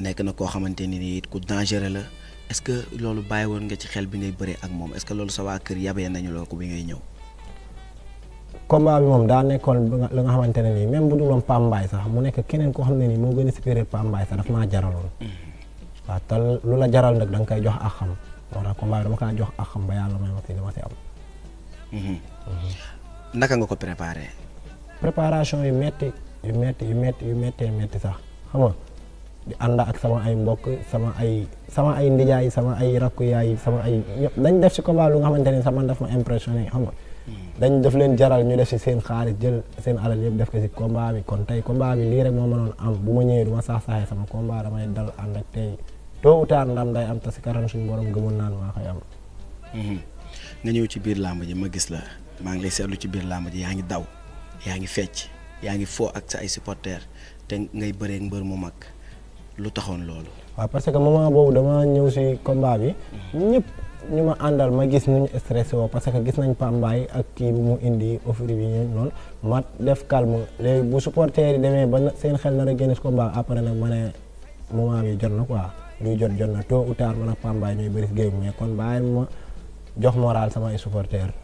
nekk na koo xamante ne nii ku dangereux la est-ce que loolu bàyyi woon nga ci xel bi ngay bëree ak moom est que loolu sa waa kër yabee nañu la ko bi ngay ñëw. combat bi moom daa nekkoon la nga xamante ne nii même bu dul woon Pape Mbaye sax mu nekk keneen koo xam ne nii moo gën a supérieur Pape Mbaye sax daf maa jaraloon. Mm-hmm. waaw te lu la jaral nag da nga koy jox ak xam moo tax combat bi dama kaa jox ak xam Mm-hmm. naka nga ko préparer préparation yu metti yu metti yu metti yu mettee metti sax xam nga di ànd ak sama ay mbokk sama ay sama ay ndijaay sama ay rakku yaay sama ay ñëpp dañ def si combat lu xamante ne sax man daf ma impressionné xam mm-hmm. def leen jaral ñu def si seen xaalis jël seen alal yëpp def ko si combat kon tey combat bi lii rek moo mënoon am bu ma ñëwee du ma saax saaxee sama combat damay dal ànd ak tey tôt ou tard ndam day am te si karam suñu borom gëmoon naan maa koy am. Mm-hmm. nga ñëw ci biir làmb ji ma gis la maa ngi lay seetlu ci biir làmb ji yaa ngi daw yaa ngi fecc yaa ngi foo ak sa ay supporters te ngay bëree mbër mu mag lu taxoon loolu. waaw parce que moment boobu dama ñëw si combat bi. Hmm. ñëpp ñu ma àndal ma gis nu ñu stressé parce que gis nañ pambaay ak kii bi mu indi offre bi ñu def calme léegi bu supporters yi demee ba seen xel na a génne si combat après nag ma ne moment bi jot na quoi luy jot jot na tôt ou man ak pambaay ñooy bëri si géej mais kon ma. jox moral sama ay supporters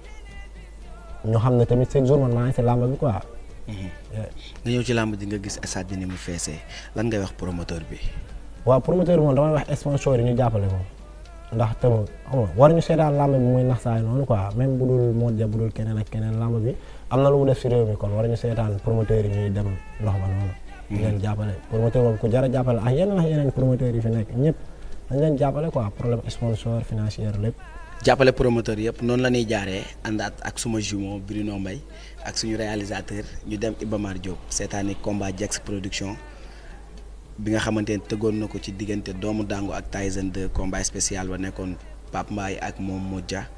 ñu xam ne tamit seen jour man maa ngi si làmb bi quoi. Mm-hmm. nga ñëw ci làmb ji nga gis stade bi ni mu feesee lan ngay wax promoteur bi. waaw promoteur bi moom damay wax sponsor yi ñu jàppale moom ndax tam xam nga war ñu seetaan làmb bi muy nax saay noonu quoi même bu dul Modou Dia bu dul keneen ak keneen làmb bi am na lu mu def si réew mi kon war ñu seetaan promoteur yi ñuy dem ndox ma noonu. Mm-hmm. di leen jàppale promoteur boobu ku jar a jàppale ak yeneen ak yeneen yi fi nekk ñëpp dañ leen jàppale quoi problème sponsor financier lépp. jàppale promoteur yëpp noonu la ñuy jaaree àndaat ak suma jumeau Bruno mbay ak suñu réalisateur ñu dem Iba Mar Diop seetaani combat Jax production bi nga xamante ne tëggoon na ko ci diggante doomu dangu ak Tyson 2 combat spécial ba nekkoon Pape Mbaye ak moom Modja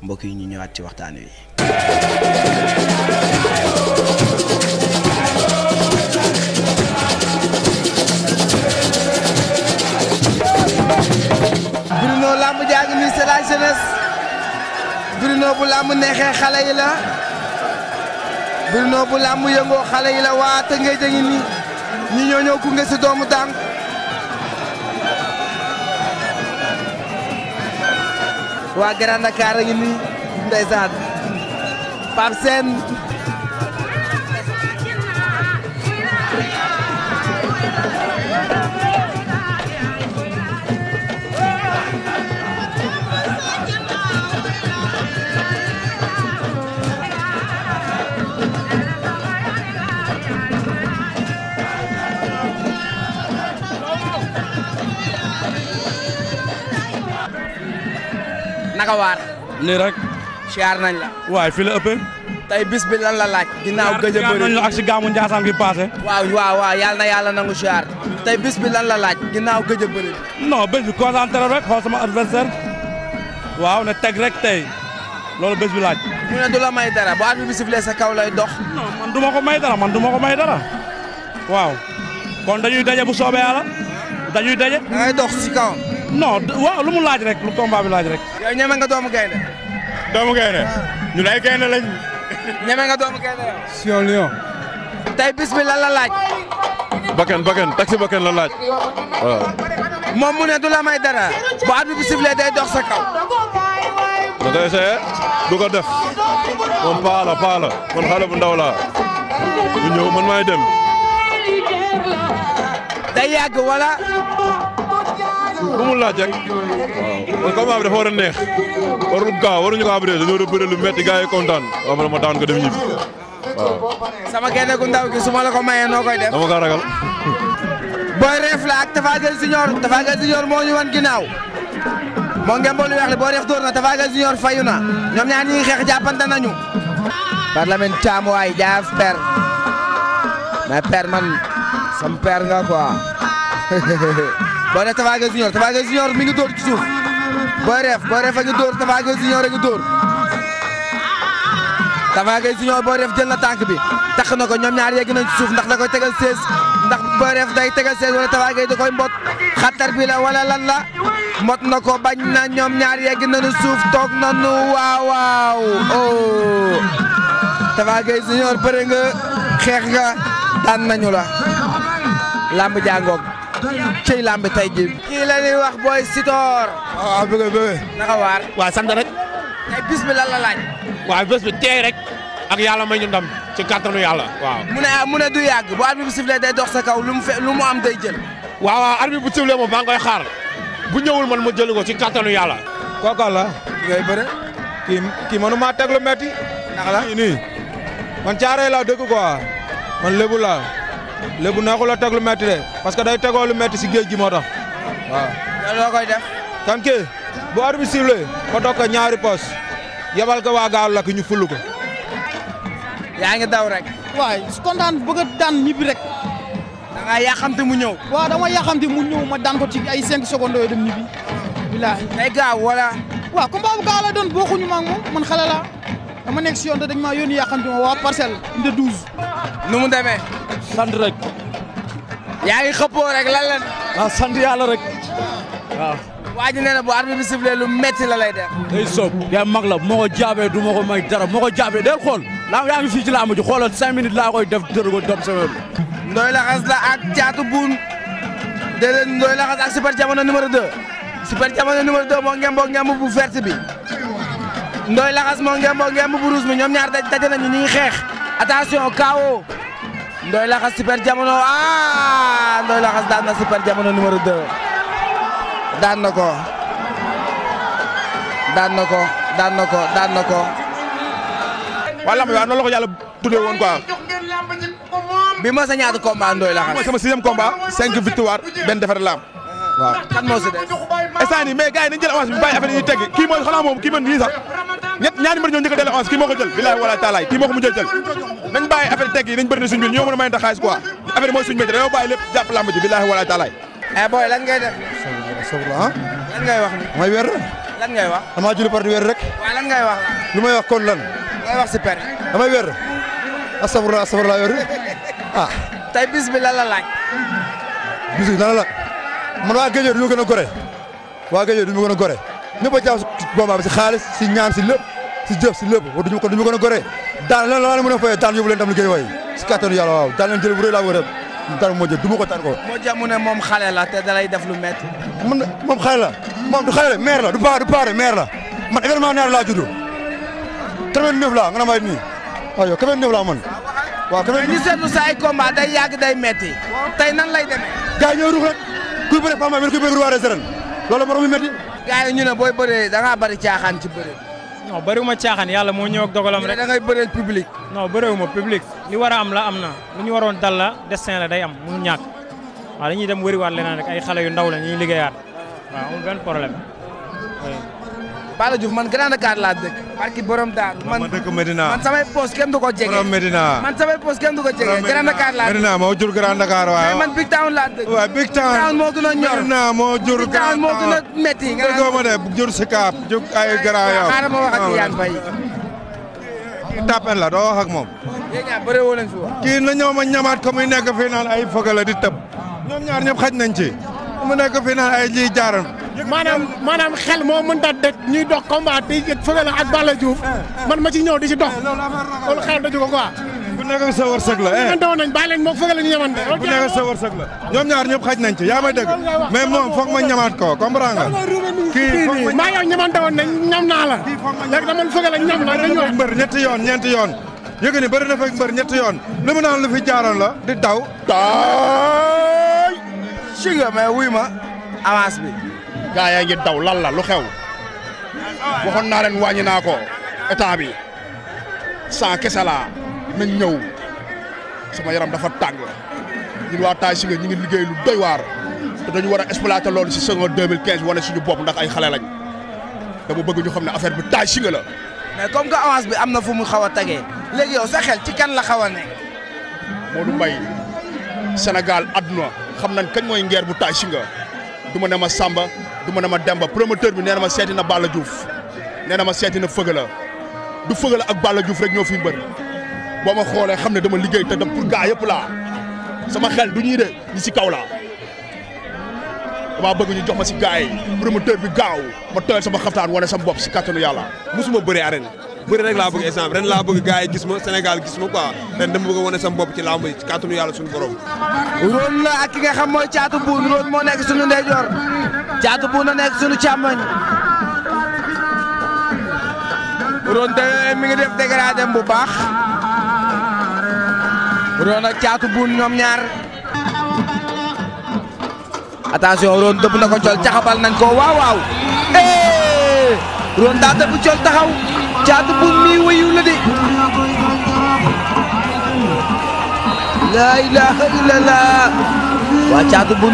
mbokk yi ñu ñëwaat ci waxtaan wi. jeunesse Bruno bu làmb neexee xale yi la Bruno bu làmb yëngoo xale yi la waa Tëngéej a ngi nii ñi ñoo ñëw gunge doomu Dangu waa Grand Dakar a ngi nii ndeysaan Pape Sène naka waar. nii rek. siyaar nañ la. waay fii la ëppee. tey bi lan la laaj. ginnaaw gëj a la ak si gaamu Ndiassane gi passé. waaw waaw waaw yàlla na yàlla nangu siyaar. tey bis bi lan la laaj. ginnaaw gëj a bëri. non bés bi concentré rek xool sama waaw ne teg rek tey. loolu bés laaj. mu ne du la may dara bu arbitre bi sifflé sa kaw lay dox. non man du ma ko may dara man du ma ko may dara. waaw kon dañuy daje bu soobee yàlla. dañuy daje. da ngay dox si kawam. non waaw lu mu laaj rek lu combat bi laaj rek. yow ñeme nga doomu gaynde. doomu gaynde ah. ñu lay gaynde lañ. ñeme nga doomu gaynde yow. Sion Lion. tey bis bi lan la laaj. bakkan moom mu ne du la dara bu at bi day dox kaw. da koy essayé du ko def moom paa la paa la bu ndaw laa bu ñëw man maay dem. day yàgg wala. bu mu laaj rek waaw kon combat bi dafa war a neex warul gaaw waruñu ko abréé dañoo rëbbëre lu metti kontaan waaw ma daan ko dem ñibbi waaw. sama génne gu ndaw gi su ma la ko mayee noo koy def. dama ko ragal. Boy Reef la ak Tapha Gueye Junior Tapha Gueye Junior moo ñu wan ginnaaw moo ngeen boolu weex li Boy Reef dóor na Tapha Gueye Junior fayu na ñoom ñaar ñi xeex jàppante nañu. parlement Thiam [laughs] boo def Tapha Gueye Junior Tapha mi ngi dóor ci suuf booy reef booy reef a ngi dóor Tapha a booy reef jël na tànk bi takk na ko ñoom ñaar yegg nañ ci suuf ndax da koy tegal sees ndax booy reef day tegal sees wala Tapha Gueye da koy mbot xattar bi la wala lan la mot na ko bañ na ñoom ñaar yegg nañu suuf toog nañu waaw waaw oh Tapha Gueye Junior nga xeex nga daan nañu la làmb jàngoog cey lamb tey ji kii la ñuy wax booy Sitor. waaw ah, ah, bëgg bëgg. naka waar. waaw sant rek. tey bis bi lan la laaj. waaw bés bi ak yàlla may ñu ci kàttanu yàlla waaw. mu ne mu ne du yàgg bu arbitre bu sifflé day dox sa kaw lu mu fe lu mu am day jël. waaw waaw arbitre bu sifflé moom maa ngi koy xaar bu ñëwul man ma jëli ko ci kàttanu yàlla. kooku la ki ngay bëre kii kii maa teg lu metti. la nii man caaree laa dëkk quoi man lébu laa. lébu na a teg lu métti parce que day tegoo lu si géej gi moo tax waaw. loolu loo koy def. kan kii bu arbitre bi sifflé ma ñaari poos yebal ko waa gaalu lakk ñu ful yaa ngi daw rek. waay su kontaan bëgg a daan ñibbi rek. da ngaa yàqamti mu ñëw. waaw dama yàqamti mu ñëw ma daan ko ci ay 5 secondes yooyu dem ñibbi. billaahi day gaaw wala. waaw combat bu gaaw la doon bokkuñu man xale la dama nekk si yoon te dañ maa yónni yàqamti ma waa parcelle. inde 12. nu mu demee. yaa ngi xëppoo rek lan lan. waaw yàlla rek waaw. waa ji nee na bu arbitre bi sifflé lu metti la lay def. day soob mag la bu ma ko jaabee du ma ko may dara bu ma ko del xool laa yaa ngi fii ci laamu ji xoolal laa koy def dër ko dom sama Ndoye Laxas la ak Caatu Buun déedéet Ndoye Laxas ak Super Jamono numéro 2 Super Jamono numéro 2 moo ngemboo ngemb bu vert bi Ndoye Laxas moo ngemboo ngemb bu rouge bi ñoom ñaar daje nañu ñu ngi xeex attention KO. Ndoye Lakhas super jamono ah Ndoye Lakhas daan na super jamono numéro 2 daan na ko daan ko daan na ko daan na ko. a lamb bi waaw noonu la ko a tuddee woon quoi. bi ma sa ñaata combat Ndoye Lakhas. cinq victoire benn defar la am. waaw kan moo si def. instant yii mais gars yi nañu jël avance kii mooy xanaa moom kii man nii sax. ñett ñaari mbër ñoo njëkk a delloo avance kii moo ko jël billaahi wala taalaay kii mu jël jël nañ bàyyi affaire teg yi na suñ biir ñoo mën a mayante xaalis quoi affaire eh, lan ngay def sabla ah. lan ngay wax ni may wér lan ngay wax dama julli par di wér rek waaw lan ngay wax lu may wax kon la ngay wax si per damay wér astafurlah astafurlah wér ah tey bis bi lan la laaj bis bi lan la laaj man waa géej ñoo gën a gore waa géej ñoo gën a gore ñëpp a jàpp si combat bi si xaalis si ñaan si lépp si jëf si lépp duñu ko duñu gën a goree daan lan la mën a fayee daan yóbbu leen tam liggéey waay si kattanu yàlla waaw daan leen jël bu rëy laa ko def daan moo jël du ko tànn ko moo jàmm ne moom xale la te dalay def lu moom xale la moom du xale maire la du baax du baax maire la man événement naar laa judd 89 laa nga na may nii waaw ah, yow 89 laa man waaw mais ñu seetlu sa ay combat day yàgg day métti tey nan lay demee gars yi ñoo ruux loolu borom yu métti. gars yi ñu ne booy bëree da ngaa bëri caaxaan ci bëri. non bëriwuma caaxaan yàlla moo ñëw ak dogalam rek. da ngay bëreel public. non bëriwuma public. li war a am la am na lu ñu waroon dal la destin la day am mu ñàkk waaw dañuy dem wëriwaat leneen rek ay xale yu ndaw la ñuy liggéeyaat waaw amul benn problème Balla Diouf man Grand Dakar laa dëkk. barki borom daar man ma dëkk Medina man samay poos kenn du jege. borom Medina man samay poos kenn du jege. Grand Dakar laa dëkk Medina moo jur Grand Dakar waaye. man Big Town laa dëkk. waaw Big a ñor Medina moo jur. Grand Town moo gën a métti. jur Sicap jur ay Grand Yoff. xaaral ma wax ak Yane Faye. kii tapet la moom. kii na ñëw ñamaat ko muy nekk fii ay fëgg tëb. nañ ci. maanaam maanaam xel moo mënut a daj ñuy dox combat bi Feugueleu ak Balla Diouf man ma ci ñëw di ci dox eh, loolu xel daju ko quoi. bu nekk sa wërsëg la eh ñëwanteewoon nañ bàyyi leen moom Feugueleu ñu ñëwante. bu nekk sa la ñoom ñaar ñëpp xaj nañ ci yaa may dégg mais moom foog ma ñamaat ko comprends nga. kii foog ma maa yow ñamante woon nañ ñam naa la. léegi dama Feugueleu ñam la dañu wax mbër ñetti yoon ñeenti yoon yëg ni bëri na fekk mbër ñetti yoon lu mu naan lu fi jaaroon la di daw. taay si nga mais wuy ma avance bi gaa yaa ngi daw lan la lu xew waxoon naa leen wàññi naa ko état bi sans kese laa nañ ñëw sama yaram dafa tàng ñun waa taay si nga ñu ngi liggéey lu doy waar te dañu war a exploiter loolu si saison 2015 wane suñu bopp ndax ay xale lañ dama bëgg ñu xam ne affaire bi taay si nga la. mais comme que avance bi am na fu mu xaw a tagee léegi yow sa ci kan la xaw a nekk. Modou Mbaye Sénégal àdduna xam nañ kañ mooy bu taay si nga du ma ne ma Samba. du ma ne ma Demba promoteur bi nee na ma seeti na Balla Diouf nee na ma seeti na Feugeula du Feugeula ak Balla Diouf rek ñoo fi mbër boo ma xoolee xam ne dama liggéey te dem pour gaa yëpp laa sama xel du ñuy de ñi si kaw laa damaa bëgg ñu jox ma si gaa ma promoteur bi gaaw ma tooyal sama xaftaan wane sama bopp si kàttanu yàlla. musuma bëre arène bëri rek laa bëgg exemple ren laa bëgg gaa yi gis ma senegal gis ma quoi ren dama bëgg a wane sama bopp ci làmb yi ci yàlla suñu borom. Caatu Buuna nekk sunu càmmoñ. Ron tamit mi ngi def dégradé bu baax. Ron ak Caatu Buun ñoom ñaar. attention Ron dëbb na ko col caxabal nañ koo waaw waaw. Ron daa dëbb col taxaw Caatu Buun mi wëyu la laa ilaaha illallah. waa caatu bu.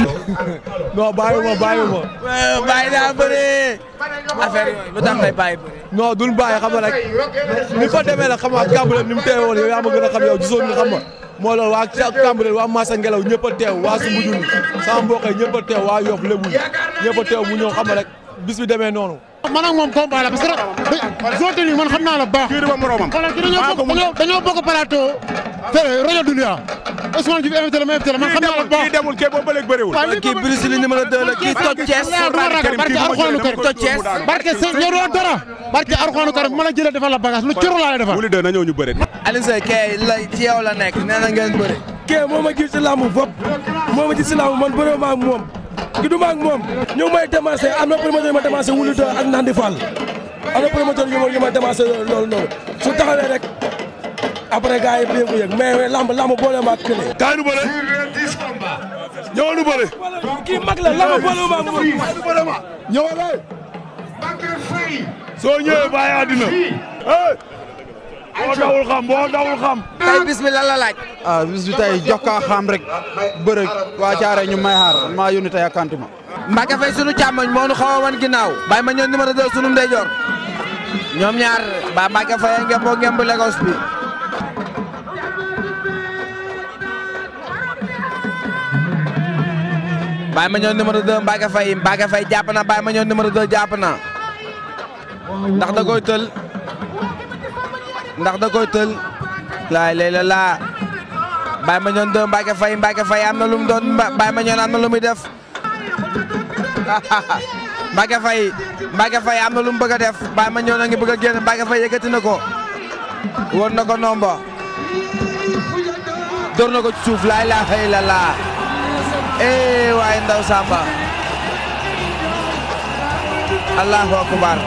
non bàyyi ma bàyyi ma. bàyyi naa bëri. affaire yooyu lu tax ngay bàyyi bëri. non duñ bàyyi xam nga rek ni fa demee la xam nga ak kàmbuleen ni mu teewoon yow yaa ma gën a xam yow gisoon nga xam nga moo loolu waa kàmbuleen waa Massa Ngelaw a teew waa Sumbujun sama mbokk yi ñëpp a teew waa Yoff Lébu ñëpp a teew mu ñëw xam rek bis demee noonu. man ak moom combat la parce que zone technique man xam naa la baax. kii ba moromam. xoolal kii dañoo bokk télé rajo Dunia Ousmane Diouf invité ma invité la man xam naa la baax kii demul kii boobu ba léegi bëriwul kii Bruce Lee numéro 2 la kii toj Thiès barke Alxuraanu Karim toj Thiès barke sëñ yow doo dara barke Alxuraanu Karim ma la jëlee defal la bagage lu cëru defal wuli de na ñëw ñu bëre Alioune Seye kee la ci la nekk nee na ngeen bëre kee moo fop moo ma man bëre ma ak moom gi duma ak moom ñëw may après gars yi bu yëg mais lamb lamb boole ma ak kële. kaay nu bëre. ñëwal nu bëre. kii mag la boo dawul xam boo dawul xam. tey bis bi lan la laaj. ah xam rek bëre waa caare ñu may xaar maa yónni tey ak kantima. Mbacke Faye sunu moo nu wan ginnaaw. Baye ma ñëw numéro 2 sunu ndeyjoor. ñoom ñaar ba Mbacke Faye ngemboo ngemb Lagos bi. Baye Mandione numéro 2 Mbacké Faye Mbacké Faye jàpp na Baye Mandione numéro 2 jàpp na ndax da koy tël ndax da koy tël laay lay la laa Baye Mandione 2 Mbacké Faye Mbacké Faye am na lu mu doon Baye Mandione am na lu muy def [laughs] Mbacké Faye Mbacké Faye am na lu mu bëgg a def Baye Mandione a ngi bëgg a na ko woon na ko na ko suuf laay laa xëy eh waaye ndaw Samba allahu akbar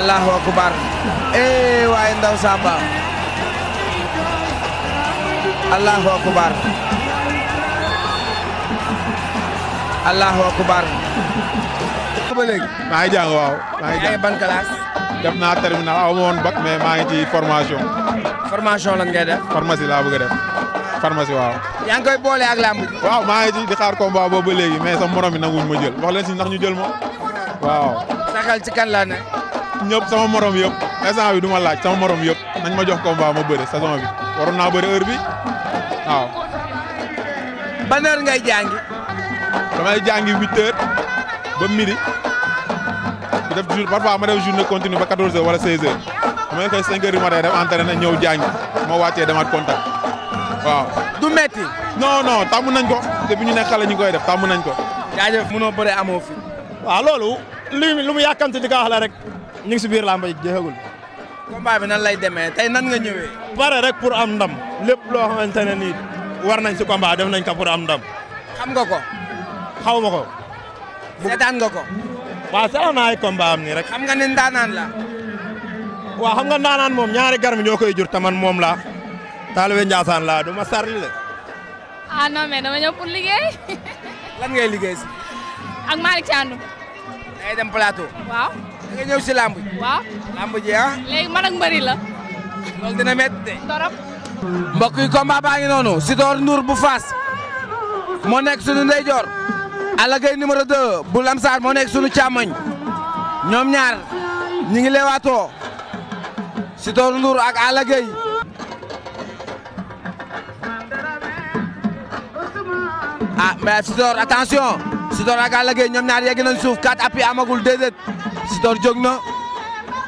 allahu akbar eh waaye ndaw Samba allahu akbar allahu akbar ba léegi maa ngi jàng waaw maa ngi jàng ban classe def naa terminal aw ma woon bac mais maa ngi ci formation formation lan ngay def pharmacie pharmacie waaw. yaa ngi koy boole ak làmb waaw maa ngi ci di xaar combat boobu ba léegi mais sama morom yi nanguñ ma jël wax si nax ñu jël ma waaw. saxal ci kan laa ne. ñëpp sama morom yëpp instant bi du ma laaj sama morom yëpp nañ ma jox combat ma bëre saison bi waroon naa bëre heure bi waaw. ban heure ngay jàngi. damay jàngi huit heures ba midi di def jour parfois ma def journée continue ba quatorze heures wala seize heures ma koy cinq heures yu ma day def ñëw jàngi ma wàccee demaat contact. waaw du metti non non tàmm nañ ko te bu ñu ne ñu koy def tàmm nañ ko jaajëf mënoo bëre amoo fi waaw loolu li lu mu yàkkamti di ko wax la rek ñu ngi si biir làmb ji jeexagul combat bi nan lay demee tey nan nga ñëwee bare rek pour am ndam lépp loo xamante ne nii war nañ si combat def nañ ko pour am ndam xam nga ko xaw ma ko seetaan nga ko waaw seetaan naa ay combat am nii rek xam nga ndaanaan la waaw xam nga ndaanaan moom ñaari garmi ñoo koy jur taman moom la taalibe Ndiassane laa du ma sarli la. ah non mais dama ñëw lan ngay liggéey si. ak Malick Thiandoum. da ngay dem waaw. da ngay ñëw si lamb ji. waaw lamb ji ah. léegi man ak mbëri la. loolu dina métti. torop. mbokk yi combat ngi noonu Sitor Ndour bu Fass moo nekk sunu ndeyjoor Alla Gaye numéro 2 bu Lamsaar moo nekk sunu càmmoñ ñoom ñaar ñi ngi leewaatoo Sitor Ndour ak Alla Gaye ah mais Sitor attention Sitor ak Balla Gaye ñoom ñaar yegg nañ suuf 4 appuis amagul déedéet Sitor jóg na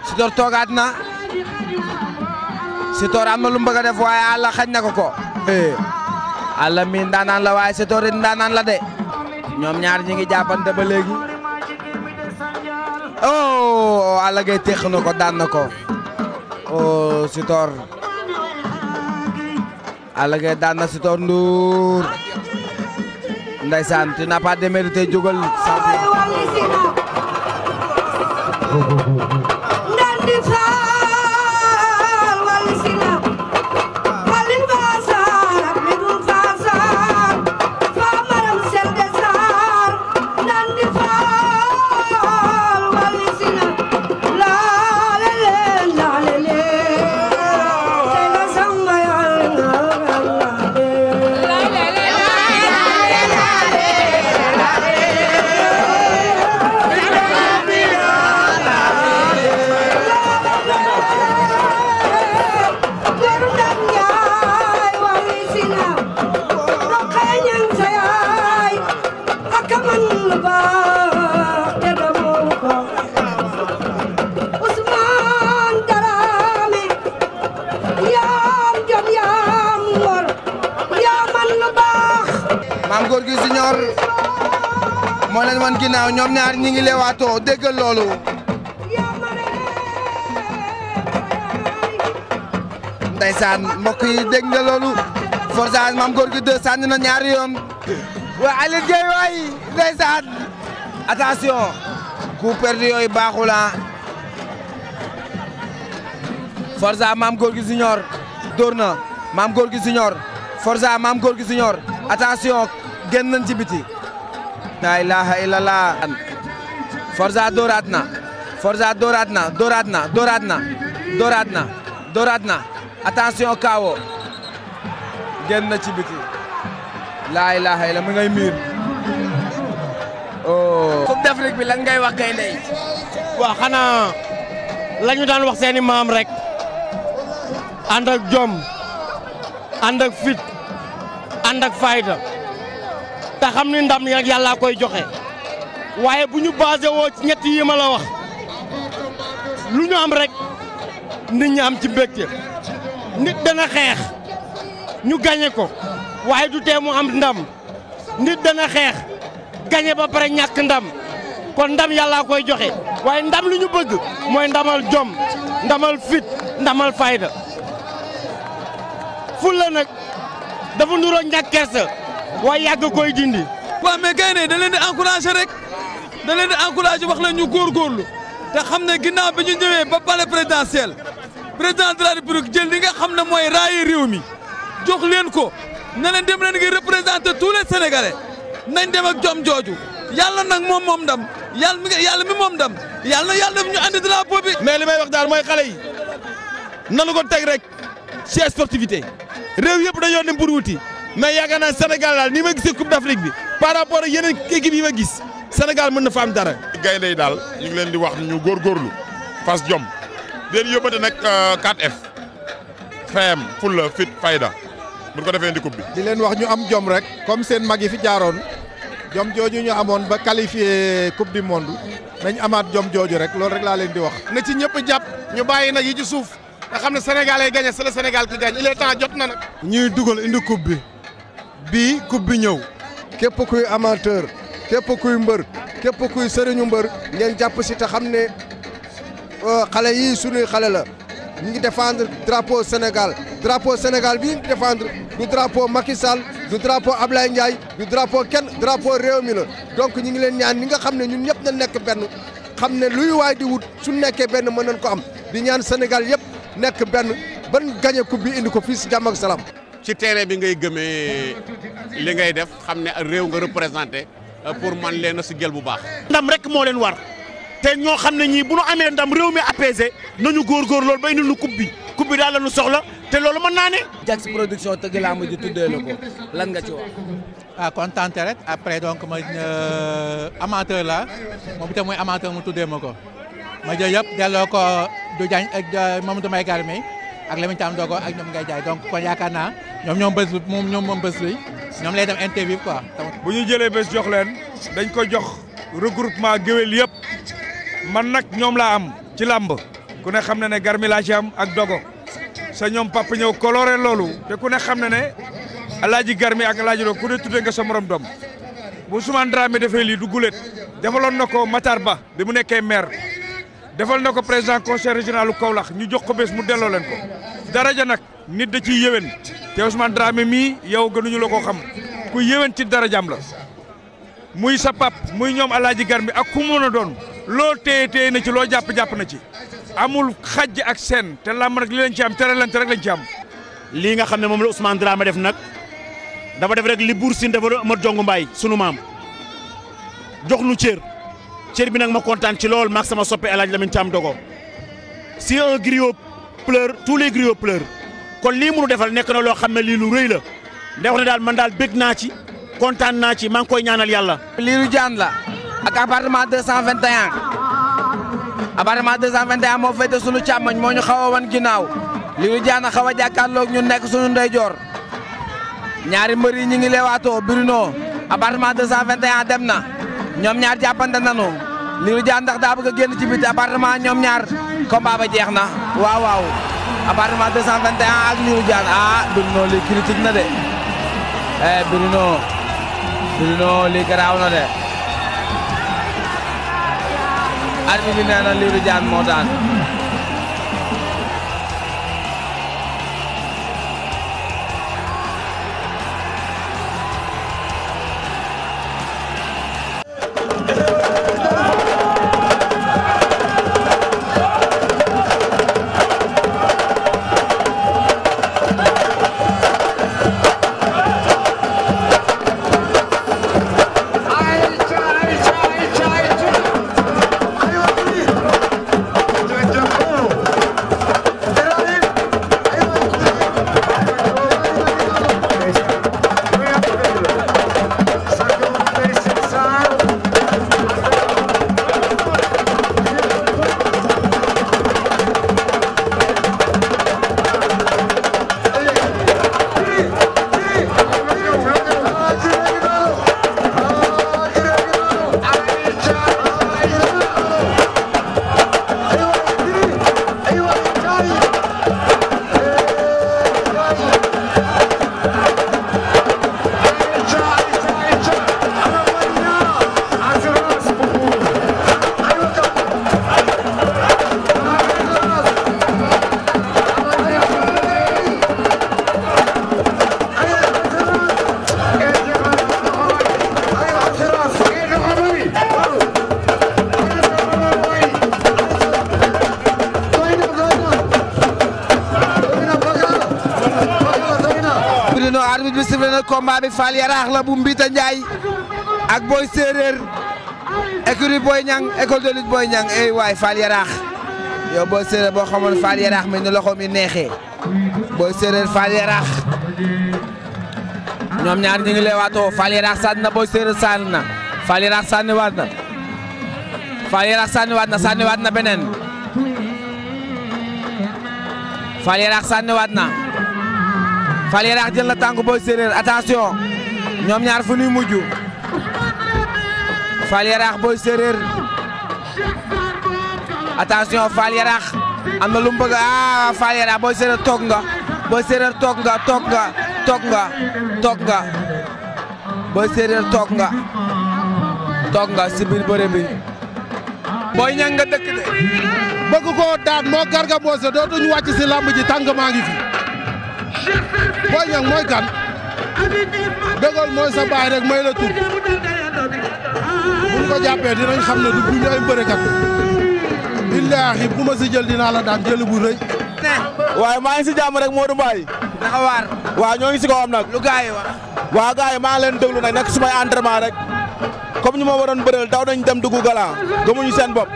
Sitor toogaat na Sitor am na lu bëgg a def waaye Alla xañ na ko ko. Eh. Alla mi ndaanaan la waaye Sitor it ndaanaan la de ñoom ñaar ñi ngi jàppante ba léegi oh Balla Gaye na ko daan ko oh Sitor Balla Gaye daan na Sitor ndeysaan tu n'as pas démérité jógal champion ñoom ñaar ñi ngi leewaatoo déggal loolu ndeysaan mbokk yi dégg nga loolu Forza Mame Gorgui 2 sànni na ñaari yoon waa Aliou Gueye waay ndeysaan attention coup perdu yooyu baaxula ah. Forza Mame Gorgui Junior dóor na Mame Gorgui Junior Forza Mame Gorgui Junior attention génn nañ ci biti laa ilaaha illallah Forza dooraat na Forza dooraat na dooraat na dooraat na dooraat na dooraat na attention kaawo génn na ci biti laa ilaaha illa ngay miir oh. Coupe d'Afrique bi lan ngay wax gaynde yi. xanaa la ñu daan wax seeni maam rek ànd ak jom ànd ak fit ànd ak fayda. xam ni ndam nag yàllaa koy joxe waaye bu ñu basé woo ci ñett yi ma la wax lu ñu am rek nit ñi am ci mbégte nit dana xeex ñu gañe ko waaye du teemu mu am ndam nit dana xeex gañe ba pare ñàkk ndam kon ndam yàllaa koy joxe waaye ndam li ñu bëgg mooy ndamal jom ndamal fit ndamal fayda fulla nag dafa nuroo ñàkk kersa waa yàgg koy dindi. waa mais gaynde da leen di encouragé rek da leen di wax leen ñu góor góorgóorlu te xam ne ginnaaw bi ñu ñëwee ba palais présidentiel président de la république jël li nga xam ne mooy raayu réew mi jox leen ko ne leen dem leen ngi représenter tous les sénégalais nañ dem ak jom jooju yàlla nag moom moom ndam yàlla mi yàlla mi moom ndam yàlla yàlla def ñu andi drapeau bi. mais li may wax daal mooy xale yi nanu ko teg rek ci sportivité réew yëpp dañoo dem pour wuti. mais yaakaar naa Sénégal daal ni ma gisee Coupe d'Afrique bi par rapport ak yeneen équipe yi ma gis Sénégal mën na fa am dara. gaynde yi daal ñu ngi leen di wax ñu góorgóorlu fas jom leen yóbbante nag 4F euh, fayam fulla fit fayda buñ ko defee ndi coupe bi. di leen wax ñu am jom rek comme seen mag yi fi jaaroon jom jooju ñu amoon ba qualifié coupe du monde nañ amaat jom jooju rek loolu rek laa leen di wax. na ci ñëpp jàpp ñu bàyyi nag yi ci suuf nga xam ne Sénégal ay gagné c'est le Sénégal qui gagne il est jot na nag. ñuy dugal indi coupe bi. bii coupe bi ñëw képp kuy amateur képp kuy mbër képp kuy sëriñu mbër ngeen jàpp si te xam ne euh, xale yii sunuy xale la ñu ngi défendre drapeau Sénégal drapeau Sénégal bi ñu défendre du drapeau Macky Sall du drapeau Ablaye Ndiaye du drapeau kenn drapeau réew mi la donc ñu ngi leen ñaan ñi nga xam ne ñun ñëpp na nekk benn xam ne luy waay di wut su nekkee benn mën nañ ko am di ñaan Sénégal yëpp nekk benn ban gañe coupe bi indi ko fii si jàmm ak salaam ci terrain bi ngay gëmee li ngay def xam ne réew nga représenté euh, pour man leen a si jël bu baax. ndam rek moo leen war te ñoo xam ne ñii bu nu amee ndam réew mi apaisé nañu góor loolu bay nu coupe bi coupe bi daal la ñu soxla te loolu mën naa ne. Jax production tëgg laa mujj tuddee la ko lan nga ci a ah kontaan rek après donc ma euh, amateur la moom itam mooy amateur mu tuddee ma ko ma jël yëpp delloo ko du Diagne ak euh, Mamadou may Garmi ak Lamine Thiam Dogo ak ñoom ngay jaay donc kon yaakaar naa ñoom ñoom bés moom ñoom moom bés bi ñoom lay dem interview quoi. bu ñu jëlee bés jox leen dañ ko jox regroupement géwél yëpp man nag ñoom laa am ci làmb ku ne xam na ne garmi laa ci ak dogo sa ñoom papa ñëw coloré loolu te ku ne xam na ne alaaji garmi ak alaaji dogo ku ne tuddee nga sa morom doom bu Ousmane Dramé defee lii du guléet defaloon na ko Matar Ba bi mu nekkee maire. defal na ko président conseil régional lu Kaolack ñu jox ko bés mu delloo leen ko daraja nag nit da ci yéwén te Ousmane Dramé mii yow gënuñu la ko xam ku yéwén ci darajaam la muy sa pap muy ñoom alaaji gar mi ak ku mën a doon loo téye téye na ci loo jàpp-jàpp na ci amul xajj ak seen te làmb nag li leen ci am teralante rek lañ ci am lii nga xam ne moom la Ousmane Dramé def nag dafa def rek li buur sin dafa Amadou Jongu Mbaay sunu maam jox nu cër cër bi nag ma kontaan ci loolu maag sama soppe El Hadj Lamine Thiam Dogo si un griot pleure tous les griots kon lii mu defal nekk na loo xam ne lii lu rëy la ndax wax daal man daal bég naa ci kontaan naa ci maa ngi koy ñaanal yàlla. Lirou Diane la ak appartement 221 appartement 221 moo féete sunu càmmoñ moo ñu xaw a wan ginnaaw Lirou Diane xaw a jàkkaarloog ñu nekk sunu ndeyjoor ñaari mbër yi ñu ngi leewaatoo Bruno appartement 221 dem na. ñoom ñaar jàppante nanu Lirou Diane ndax daa bëgg a génn ci biti appartement ñoom ñaar combat ba jeex na waaw waaw appartement 221 ak Lirou Diane ah Bruno li critique na de eh, na de arbitre bi nee na Lirou moo daan la combat bi Fall yaraax la bu Mbita Ndiaye ak Boy Séeréer écurie Boy Niang école Boy Niang ey eh waay Fall yaraax Boy Séeréer boo xamoon Fall mi ni loxo mi neexee Boy Séeréer Fall ñoom ñaar ñu ngi leewaatoo Fall yaraax na Boy Séeréer sànni na Fall yaraax sànniwaat na Fall yaraax sànniwaat na beneen Fall yaraax sànniwaat na. Fal Yaraax jël na tànk booy Séeréer attention ñoom ñaar fu ñuy mujj Fal Yaraax Boy Séeréer attention Fal Yaraax am na lu mu bëgg ah Fal Séeréer toog nga Boy Séeréer toog nga toog nga toog nga toog nga Boy Séeréer toog nga toog nga si biir bëre bi Boy Niang nga dëkk de. bëgg koo daan moo Garga Mbossé dootuñu wàcc si làmb ji tàng maa ngi fi. Boy Niang mooy kan Dégol mooy sa baay rek may la tudd buñ ko jàppee dinañ xam ne du duñu ay mbërëkat billaahi bu ma si jël dinaa la daan jël bu rëy waaye maa ngi si jàmm rek Modou Mbaye naka waa waaw ñoo ngi si kawam nag lu gaay wax waaw gaay maa leen déglu nag nekk sumay entraînement rek comme ñu ma waroon bëreel daw nañ dem dugg galan gëmuñu seen bopp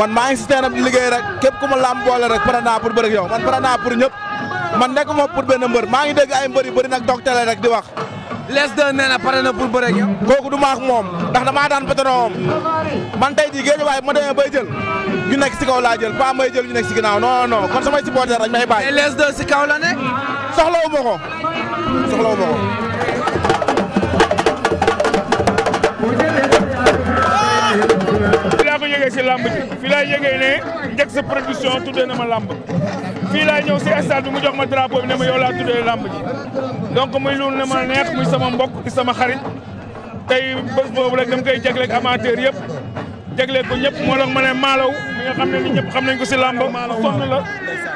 man maa ngi si teenam liggéey rek képp ku ma làmb boole rek pare naa pour bërëg yow man pare naa pour ñëpp man nekkuma pour benn mbër maa ngi dégg ay mbër yu bëri nag toog télé rek di wax. les deux nee na pare na pour bëre ak kooku du ma ak moom ndax damaa daan pétrole man tey jii géej waaye bu ma demee bay jël ñu nekk si kaw laa jël pas may jël ñu nekk si ginnaaw non non kon samay supporter dañ may bàyyi. mais les deux si kaw la nekk. soxlawu ma ko soxlawu ma ko. fii laa ko yëgee si lamb ji fii laa ne njëkk sa production tuddee na ma lamb. fii laay ñëw si stade bi mu jox ma drapeau bi ne ma yow laa tuddee làmb ji donc muy lu ne ma neex muy sama mbokk di sama xarit tey bés boobu rek dama koy jagleeg amateur yëpp jagleeg ko ñëpp moo ma ne Malaw mi nga xam ne ni ñëpp xam nañ ko si làmb sonn la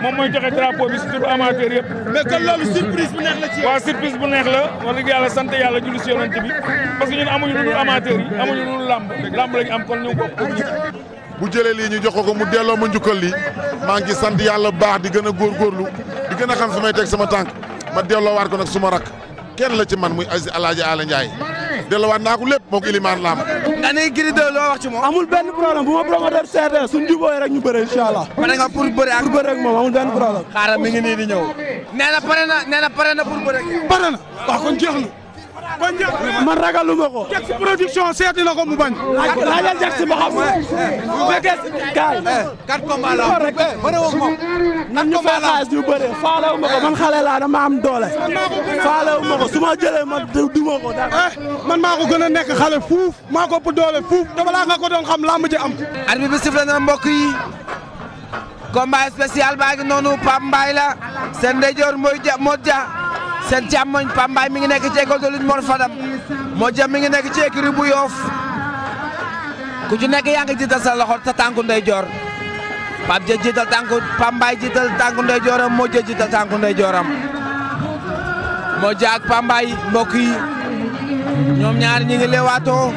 moom mooy joxe drapeau bi si turu amateur yëpp. mais kon loolu bu neex la ci waaw yàlla sant yàlla julli si yonent bi parce que ñun amuñu lu dul amateur amuñu lu làmb làmb bu jëlee lii jox ko mu delloo ma njukkal lii maa ngi sant yàlla baax di gën a góorgóorlu di gën a xam fi may teg sama tànk ma delloowaat ko nag suma rak kenn la ci man muy Alaaji Ala Ndiaye delloowaat naa ko lépp moo ko Ilimaan Lam. nga ne Gris wax ci moom. amul benn problème bu ma promoteur seetee suñu jubóoyee rek ñu bëre incha allah. pare nga pour bëre ak pour bëre ak amul benn problème. xaaral mi ngi nii di ñëw. nee na pare na nee na pare na jeex na ma ragaluma ko. Jax production seeti na ko mu bañ. laajal Jax ba xam. bu eh, eh, fekkee eh, kaay. quatre combats la rek bëre woo nan ñu fay xaalis ñu bëre faalewu ma ko man doole. faalewu ma ko su ma jëlee duma ko dara. man maa ko gën a nekk xale fuuf maa ko ëpp doole fuuf te nga ko doon xam làmb ji am. arbitre bi sifflé na mbokk yi. combat spécial baa noonu Pape Mbaye la. seen ndeyjoor mooy seen càmmoñ Pambaay mi ngi nekk ci école de lutte Mor Fadam moo jëm mi ngi nekk ci écurie bu Yoff ku ci nekk yaa ngi jiital sa loxo ta tànku ndeyjoor Pape Dia jiital tànku Pambaay jiital tànku ndeyjooram moo jë jiital tànku ndeyjooram moo jë ak Pambaay mbokk yi ñoom ñaar ñi ngi leewaatoo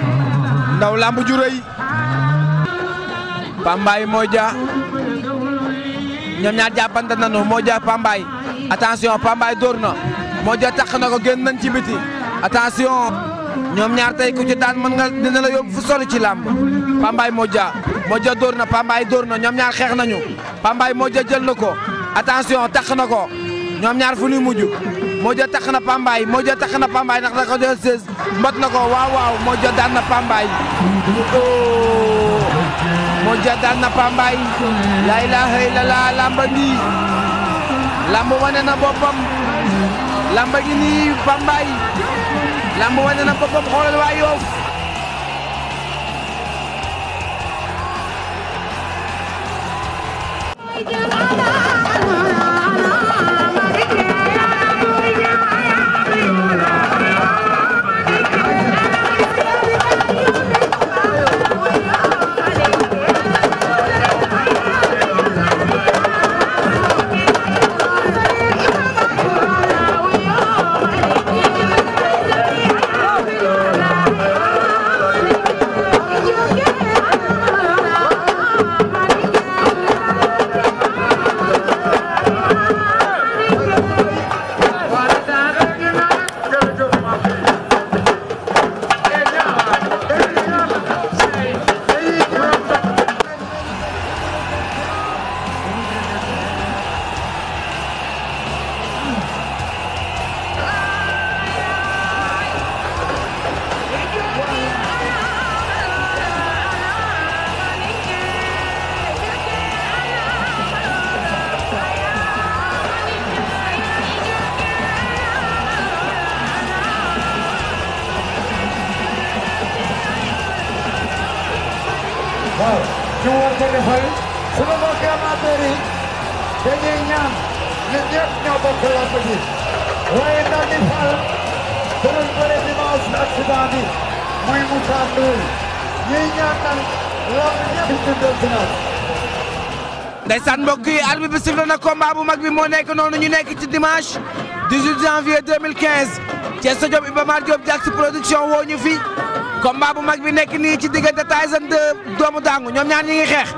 ndaw lamb ju rëy Pambaay moo jë ñoom ñaar jàppante nañu moo Pambaay attention Pambaay dóor Modja tax na ko génn nañ ci biti attention ñoom ñaar tey ku ci daan mën nga dina la yóbbu fu sori ci làmb Pambaay Modja Modja dóor na Pambaay dóor na ñoom ñaar xeex nañu Pambaay Modja jël na ko attention tax na ko ñoom ñaar fu ñuy mujj Modja tax na Pambaay Modja tax na Pambaay ndax da ko jël seize mbot na ko waaw waaw Modja daan na Pambaay oh, Modja daan na Pambaay laa ilaaha illallaa làmb ngi làmb wane na boppam lamba gi nii Bambay lamb wane na boppam xoolal waa Yoof Jërëjëf combat bu mag bi moo nekk noonu ñu nekk ci dimanche 18 janvier 2015 ci stade Iba Mar Diop Diaks production woo ñu fi combat bu mag bi nekk nii ci diggante Tyson 2 doomu daangu ñoom ñaar ñi ngi xeex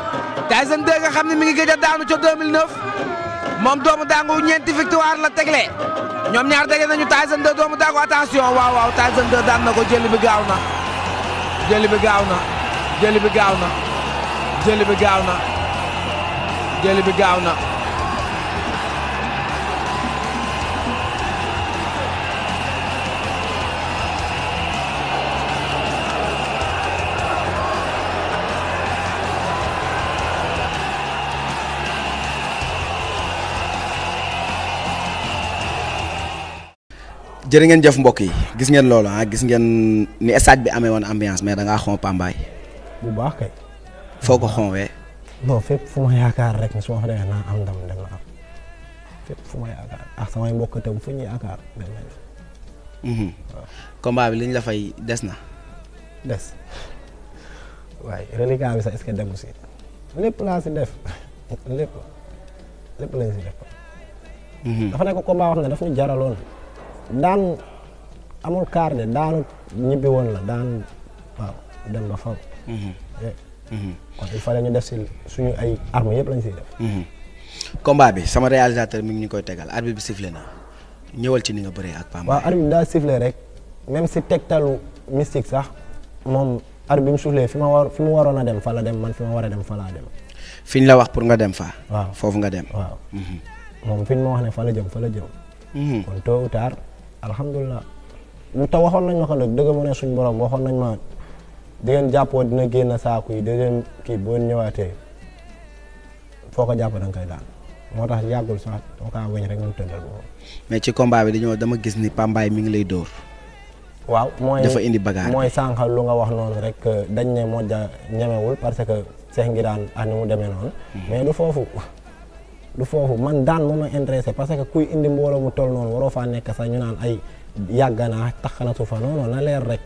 Tyson 2 nga xam ne mi ngi gëj a daanu ca 2009 moom doomu daangu ñeenti victoire la tegle ñoom ñaar daje nañu Tyson 2 doomu daangu attention waaw waaw Tyson 2 daan na ko jëli bi gaaw na jëli bi na jëli bi gaaw na jëli bi gaaw na jëli bi gaaw na jërë ngeen jëf mbokk yi gis ngeen loolu ah gis ngeen ni stade bi amee woon ambiance mais da xon Pambaay. bu baax kay. foo ko xonwee. non fépp fu ma yaakaar rek am ndam dem na am fépp fu ma yaakaar ah samay mbokk itam fu ñu yaakaar dem mhm. liñ la fay des na. des waaye reliquat bi sax dem si lépp laa si def lépp lépp si def. Mhm. dafa nekk combat wax ne daf ñu daan amul carnet daan ñibbi woon la daan waaw dem ba faw mm-hmm. Eh. Mm-hmm. kon il fallait def si suñu ay armes yëpp lañ siy def. Mm-hmm. combat bi sama réalisateur mi ngi ñu koy tegal arbitre bi sifflé na ñëwal ci ni nga bëree ak Pam. waaw arbitre bi daa sifflé rek même si tegtalu mystique sax moom arbitre bi mu sifflé fi ma war fi mu waroon a dem fa la dem man fi war a dem fa laa dem. ñu la wax pour nga dem fa waaw foofu nga dem. waaw moom fi ñu ma wax ne fa la jëm fa la jëm. kon tôt ou alhamdulilah te waxoon nañ ma ko dëgg mu ne suñu borom waxoon nañ ma di ngeen jàppoo dina génn saaku yi deuxième kii boo ñëwaatee foo ko jàpp da nga koy daan moo tax yàggul sax doo kaa weñ rek ñu tëddal mais ci combat bi dañoo dama gis ni Pambaay mi ngi lay dóor. waaw mooy dafa indi bagaar mooy sànq lu nga wax noonu rek dañ ne moo ja ñemewul parce que Cheikh ngi daan ak ni mu demee noonu. Mhm. mais du foofu. du foofu man daan moo ma intéressé parce que kuy indi mbooloo mu toll noonu waroo faa nekk sax ñu naan ay yàgg naa tax na su fa non na leer rek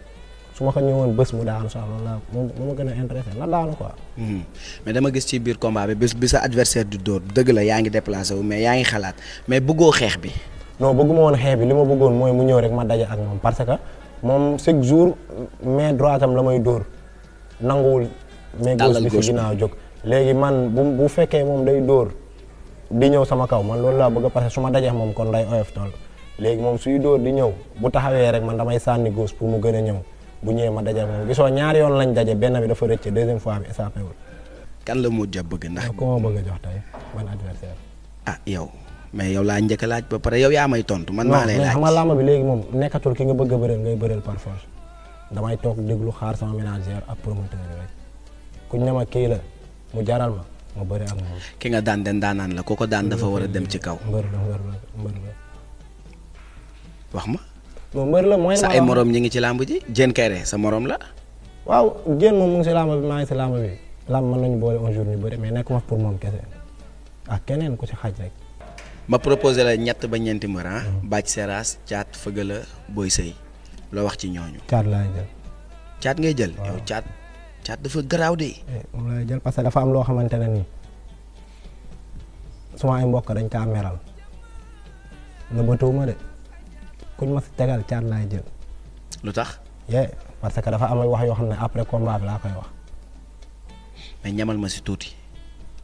su ma ko woon bés mu daanu sax loolu la ma gën a intéressé la daanu quoi. Hmm. mais dama gis ci biir combat bi bés bi sa adversaire du dóor dëgg la yaa ngi déplacé wu mais yaa ngi xalaat mais bëggoo xeex bi. non bëgguma woon xeex bi li ma bëggoon mooy mu ñëw rek ma daje ak moom parce que moom chaque jour mais droite am la may dóor nanguwul. mais gauche bi si léegi man bu fekkee moom day dóor. di ñëw sama kaw man loolu laa bëgg parce que su ma dajee moom kon day oyof tool léegi moom suy dóor di ñëw bu taxawee rek man damay sànni gos pour mu gën a ñëw bu ñëwee ma daje moom gisoo ñaar yoon lañ daje benn bi dafa rëcc deuxième fois bi échappé wul. kan la Modou Dia bëgg ndax. ku ma bëgg a jox tey man adversaire. ah yow mais yow laa njëkk laaj ba pare yow yaa may tontu man. maa lay laaj xam bi léegi moom nekkatul ki nga bëgg a bëreel ngay bëreel par damay toog déglu xaar sama ménagère ak promoteur rek ku ñu ne ma kii la mu jaral ma mu bëri ak moom. ki nga daan den daanaan la ko daan dafa war a dem ci kaw. mbër la mbër la wax ma. moom mbër la mooy sa ay moroom ñi ngi ci làmb ji Diène Kairé sa moroom la. waaw Diène moom mu ngi si làmb bi maa ngi si làmb bi. làmb mën nañu boole nekk wax pour moom kese ak keneen ku ci xaaj rek. ma proposé la ñett ba ñeenti mbër ah. Mm-hmm. seraas caat Thiat Feugeula Boy Seye la wax ci ñooñu. Thiat laay jël. Thiat ngay jël yow Thiat. caat dafa garaaw de. Eh, moom lay jël parce que dafa am loo xamante ne nii suma ay mbokk dañ kaa meral na bëtuwuma de kuñ ma si tegal caat laay jël. lu tax. yee parce que dafa amal wax yoo xam ne après combat bi laa koy wax. mais ñamal ma si tuuti.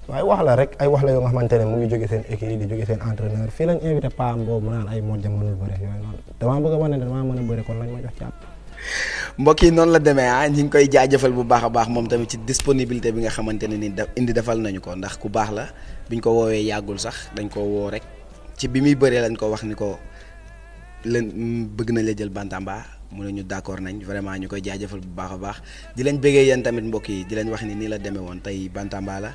waaye wax la rek ay wax la yoo nga mu ngi jóge seen équipe di jóge seen entraîneur fii lañ invité paam boobu mu naan ay mojja mënul bëre yooyu noonu damaa bëgg a wane ne damaa mën a bëre kon lañ ma jox caat. mbokk yi noonu la demee ah ñi ngi koy jaajëfal bu baax a baax moom tamit ci disponibilité bi nga xamante ne ni da indi defal nañu ko ndax ku baax la biñ ko woowee yàggul sax dañ ko woo rek ci bi muy baree lañ ko wax ni ko leen bëgg na la jël bantamba mu ne ñu d'accord nañ vraiment ñu koy jaajëfal bu baax a baax di leen bëggee yéen tamit mbokk yi di leen wax ni nii la demee woon tey bantamba la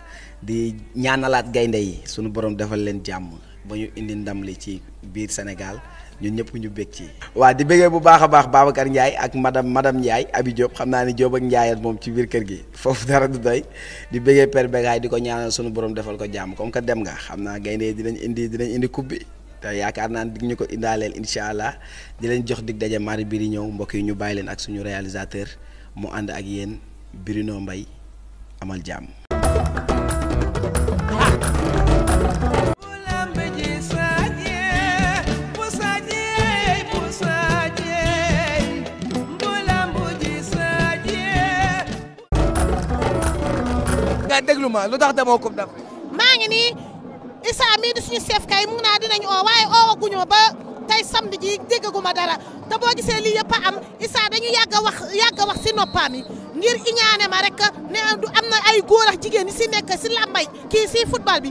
di ñaanalaat gaynde yi sunu borom defal leen jàmm ba ñu indi ndam li ci biir Sénégal ñun ñëpp ñu bég ci waaw di béggee bu baax a baax Babacar Ndiaye ak madame madame Ndiaye Abi Diop xam naa ni Diop ak Ndiaye moom ci biir kër gi foofu dara du doy di béggee per Bégaay di ko ñaanal sunu borom defal ko jàmm comme que dem nga xam naa gaynde dinañ indi dinañ indi coupe bi te yaakaar naa digg ñu ko indaaleel incha allah dinañ jox dig daje mari bi di ñëw mbokk yi ñu bàyyi leen ak suñu réalisateur mu ànd ak yéen Bruno mbay amal jàmm ma lu tax demoo Coupe d'Afrique. maa ngi nii Issa mii di suñu chef kay mu naa dinañ oo waaye oowaguñu ma ba tey samedi ji déggaguma dara te boo gisee lii yëpp am Issa dañu yàgg a wax yàgg wax si noppaam yi ngir iñaane ma rek ne du am na ay góor jigéen ñi si nekk si làmbay kii si football bi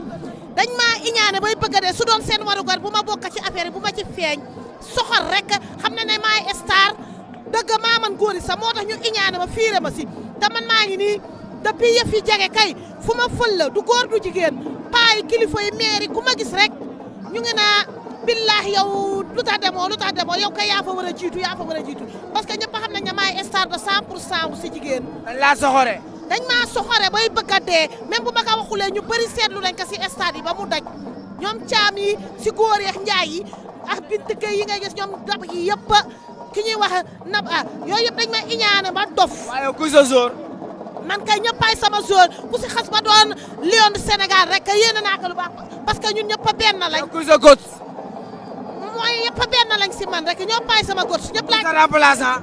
dañ maa iñaane bay bëgg a dee su doon seen warugar bu ma bokk ci affaire bu ma ci feeñ soxor rek xam na ne maay star dëgg maa man sax moo tax ñu iñaane ma fiire ma si te man maa depuis yëf yi jege kay fu ma fël la du góor du jigéen paa kilifa yi maire ku ma rek ñu ngi naa billah lu tax demoo lu tax demoo yow kay yaa war a jiitu yaa war a jiitu parce que ñëpp xam nañ ne maay de 100 pour 100 si jigéen. dañ laa soxore. dañ maa soxore bay bëgg a dee même bu ma ko ñu bëri seetlu nañ ko si stade yi ba mu daj ñoom caam si góor yeeg njaay yi ak bint kay yi gis ñoom dab yi ki ñuy wax nab ah yooyu yëpp dañ ma man kay ñëppaay sama zone ku si xas ba doon lion du Sénégal rek que yéene naa ko lu baax parce que ñun ñëpp a benn lañ. ku sa coach. mooy ñëpp a benn lañ si man rek ñoo paay sama coach ñëpp laa. sa remplaçant.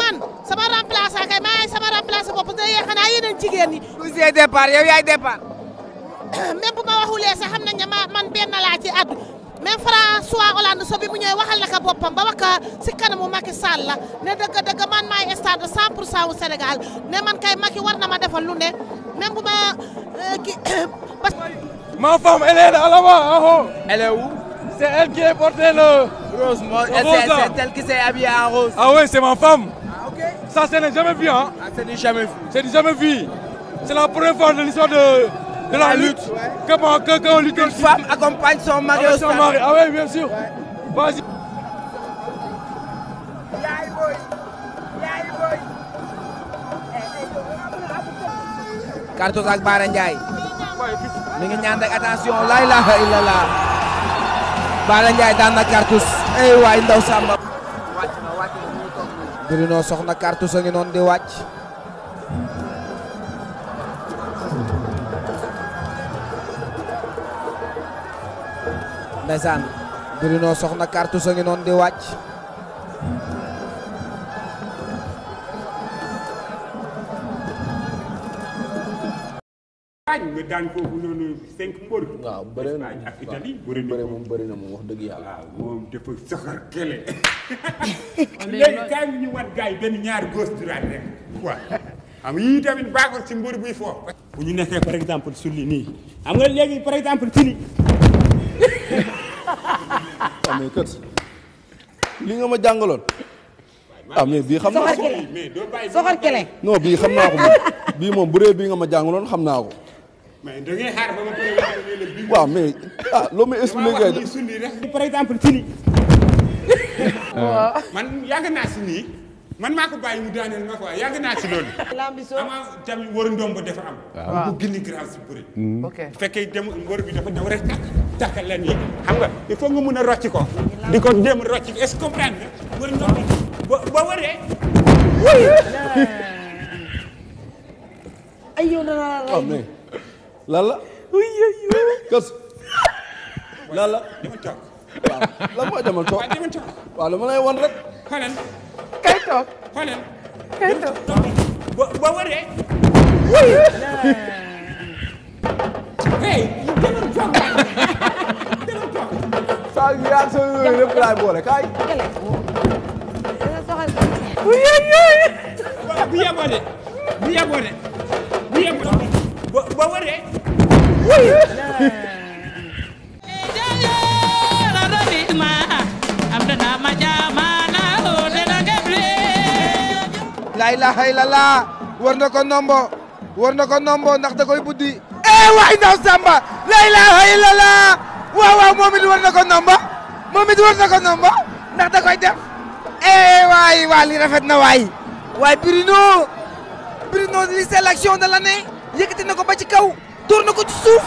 man sama remplaçant kay maa sama remplaçant bopp da yee xanaa yeneen jigéen ñi. ku see départ yow yaay départ. [coughs] même bu ma waxulee sax xam nañ ne man benn laa ci àddu. mais François Hollande so bi mu ñëwee waxal na ko boppam ba wax si kanamu Macky ne dëgg dëgg man maay stade de 100 pour cent wu ne man kay Macky war na ma defal lu ne même bu ma euh, kii. [coughs] ma femme elle est là-bas en haut. elle est où. le. rose c'est elle qui s'est habillée en rose. ah oui c'est ma femme. ah ok ça c'est jamais vu hein. ah c'est du jamais vu. c'est de l'histoire de. de la, ak ah Bara Ndiaye mi ngi ñaan rek attention la ilaha illallah Bara Ndiaye daan na Cartouche eh waay ndaw Samba wàcc na soxna Cartouche a ngi noonu di wàcc ndeysaan soxna Cartouche a ngi noonu di wàcc nga daan foofu noonu cinq mbër waaw bëri na moom bëri na wax dëgg yàlla waaw moom dafa soxor kele [laughs] léegi kaa ñu wat gars yi benn ñaar gauche droite xam yii tamit baaxul ci mbër buy foofu bu ñu nekkee par exemple sur nii am nga léegi par exemple ci nii ah mais kët li nga ma jàngaloon. ah mais bii xam naa ko soxor kele non bii xam naa ko moom bii moom bu dee bii nga ma jàngaloon xam naa ko. mais da ngay xaar ba ma pare waaw mais ah, par exemple man yàgg naa si man maa ko bàyyi mu daaneel ma quoi yàgg naa ci loolu. lambisoo ama tamit wër ndomb am. waaw bu gindi grave hmm. fekkee dem wër bi dafa daw rek tàkk leen yi xam nga il faut nga mun a rocc ko. di ko jéem rocc ko ce que comprendre nga wër ndomb ba ba wëree. ay la la mais lan la. oui oui la dama rek. kay toog xoolal kay toog ba waree saa yu yaar sa yooyu yëpp boole kaay bu yeboo de bu yeboo de bu laa ilaha illallah war na ko nombo war na ko nombo ndax da koy buddi eh waay ndaw Samba laa ilaha illallah waaw waaw moom it war na ko nombo moom it war na ko nombo ndax da koy def e waa li rafet na waay waay Bruno Bruno li c'est l'action de l'année yëkkati na ko ba ci kaw na ko ci suuf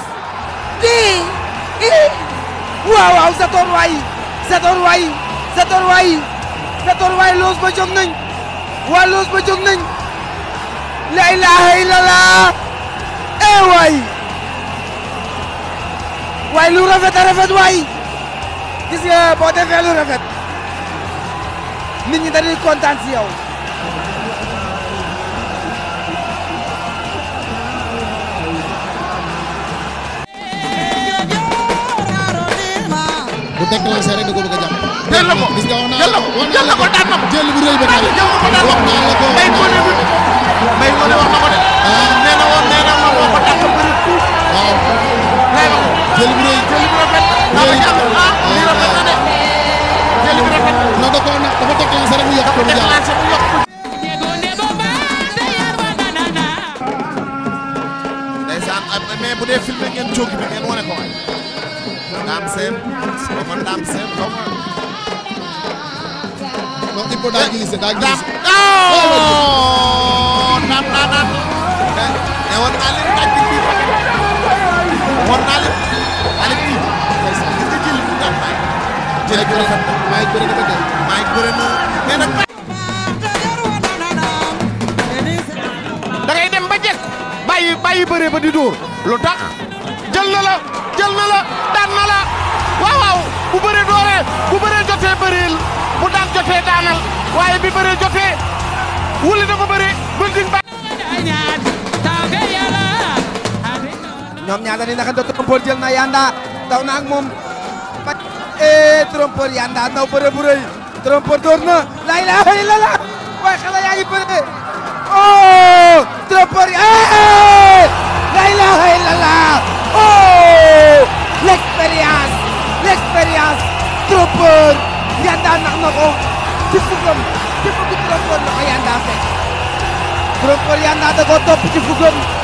eh eh waaw waaw Zator waay Zator waay Zator waay Zator waay loos ba nañ wàlluus ba jóg nañ la ilaha illallah ee eh lu rafet a rafet waay gis nga boo lu rafet nit ñi dañuy kontaan si yow bu déclenché rek da ko bëgg a jàpp. jël na ko jël na ko jël na ko daan na ko jël bu rëy ba tey jël na ko daan na ko Mbaye Ngoné Mbaye Ngoné wax na ko de. Ah. nee na woon nee na ma woo ko dàq bëri tuut. waaw lay wax jël bu rëy jël bu rafet na la jàpp ah lii rafet na de jël bu rafet na da ko nag dafa déclenché rek mu yokk ko mu jàpp mais bu dee filmé ngeen jóg bi ngeen wane ko waay Dame Sène xaw ma Dame Sène xaw ma. non il faut daa glissé daa glissé. non naat naa naat. mais war naa leen naaj bi kii war naa leen naaj bi kii. gis nga jëli bu ndax maa ngi. jëli bu rafet na maa ngi bëri dafa dee. maa ngi bëri na mais nag. da ngay dem ba jekk bàyyi bàyyi bëree ba di dóor lu tax. jël na la jël na la daan na la bu bëree doore bu bëree jotee bëreel bu daan jotee daanal waaye bi bëree jotee wuli na ko bëri building ba ñoom ñaar dañuy naxante trompeur jël na yanda daw na ak moom ee eh, trompeur yanda naw bëre bu rëy trompeur door na la ilaha illallah waaye xale yaa ngi bëre oh trompeur ee eh, la ilaha illallah oh. Troopeur Yanda nax na ko ci fugam ci fugu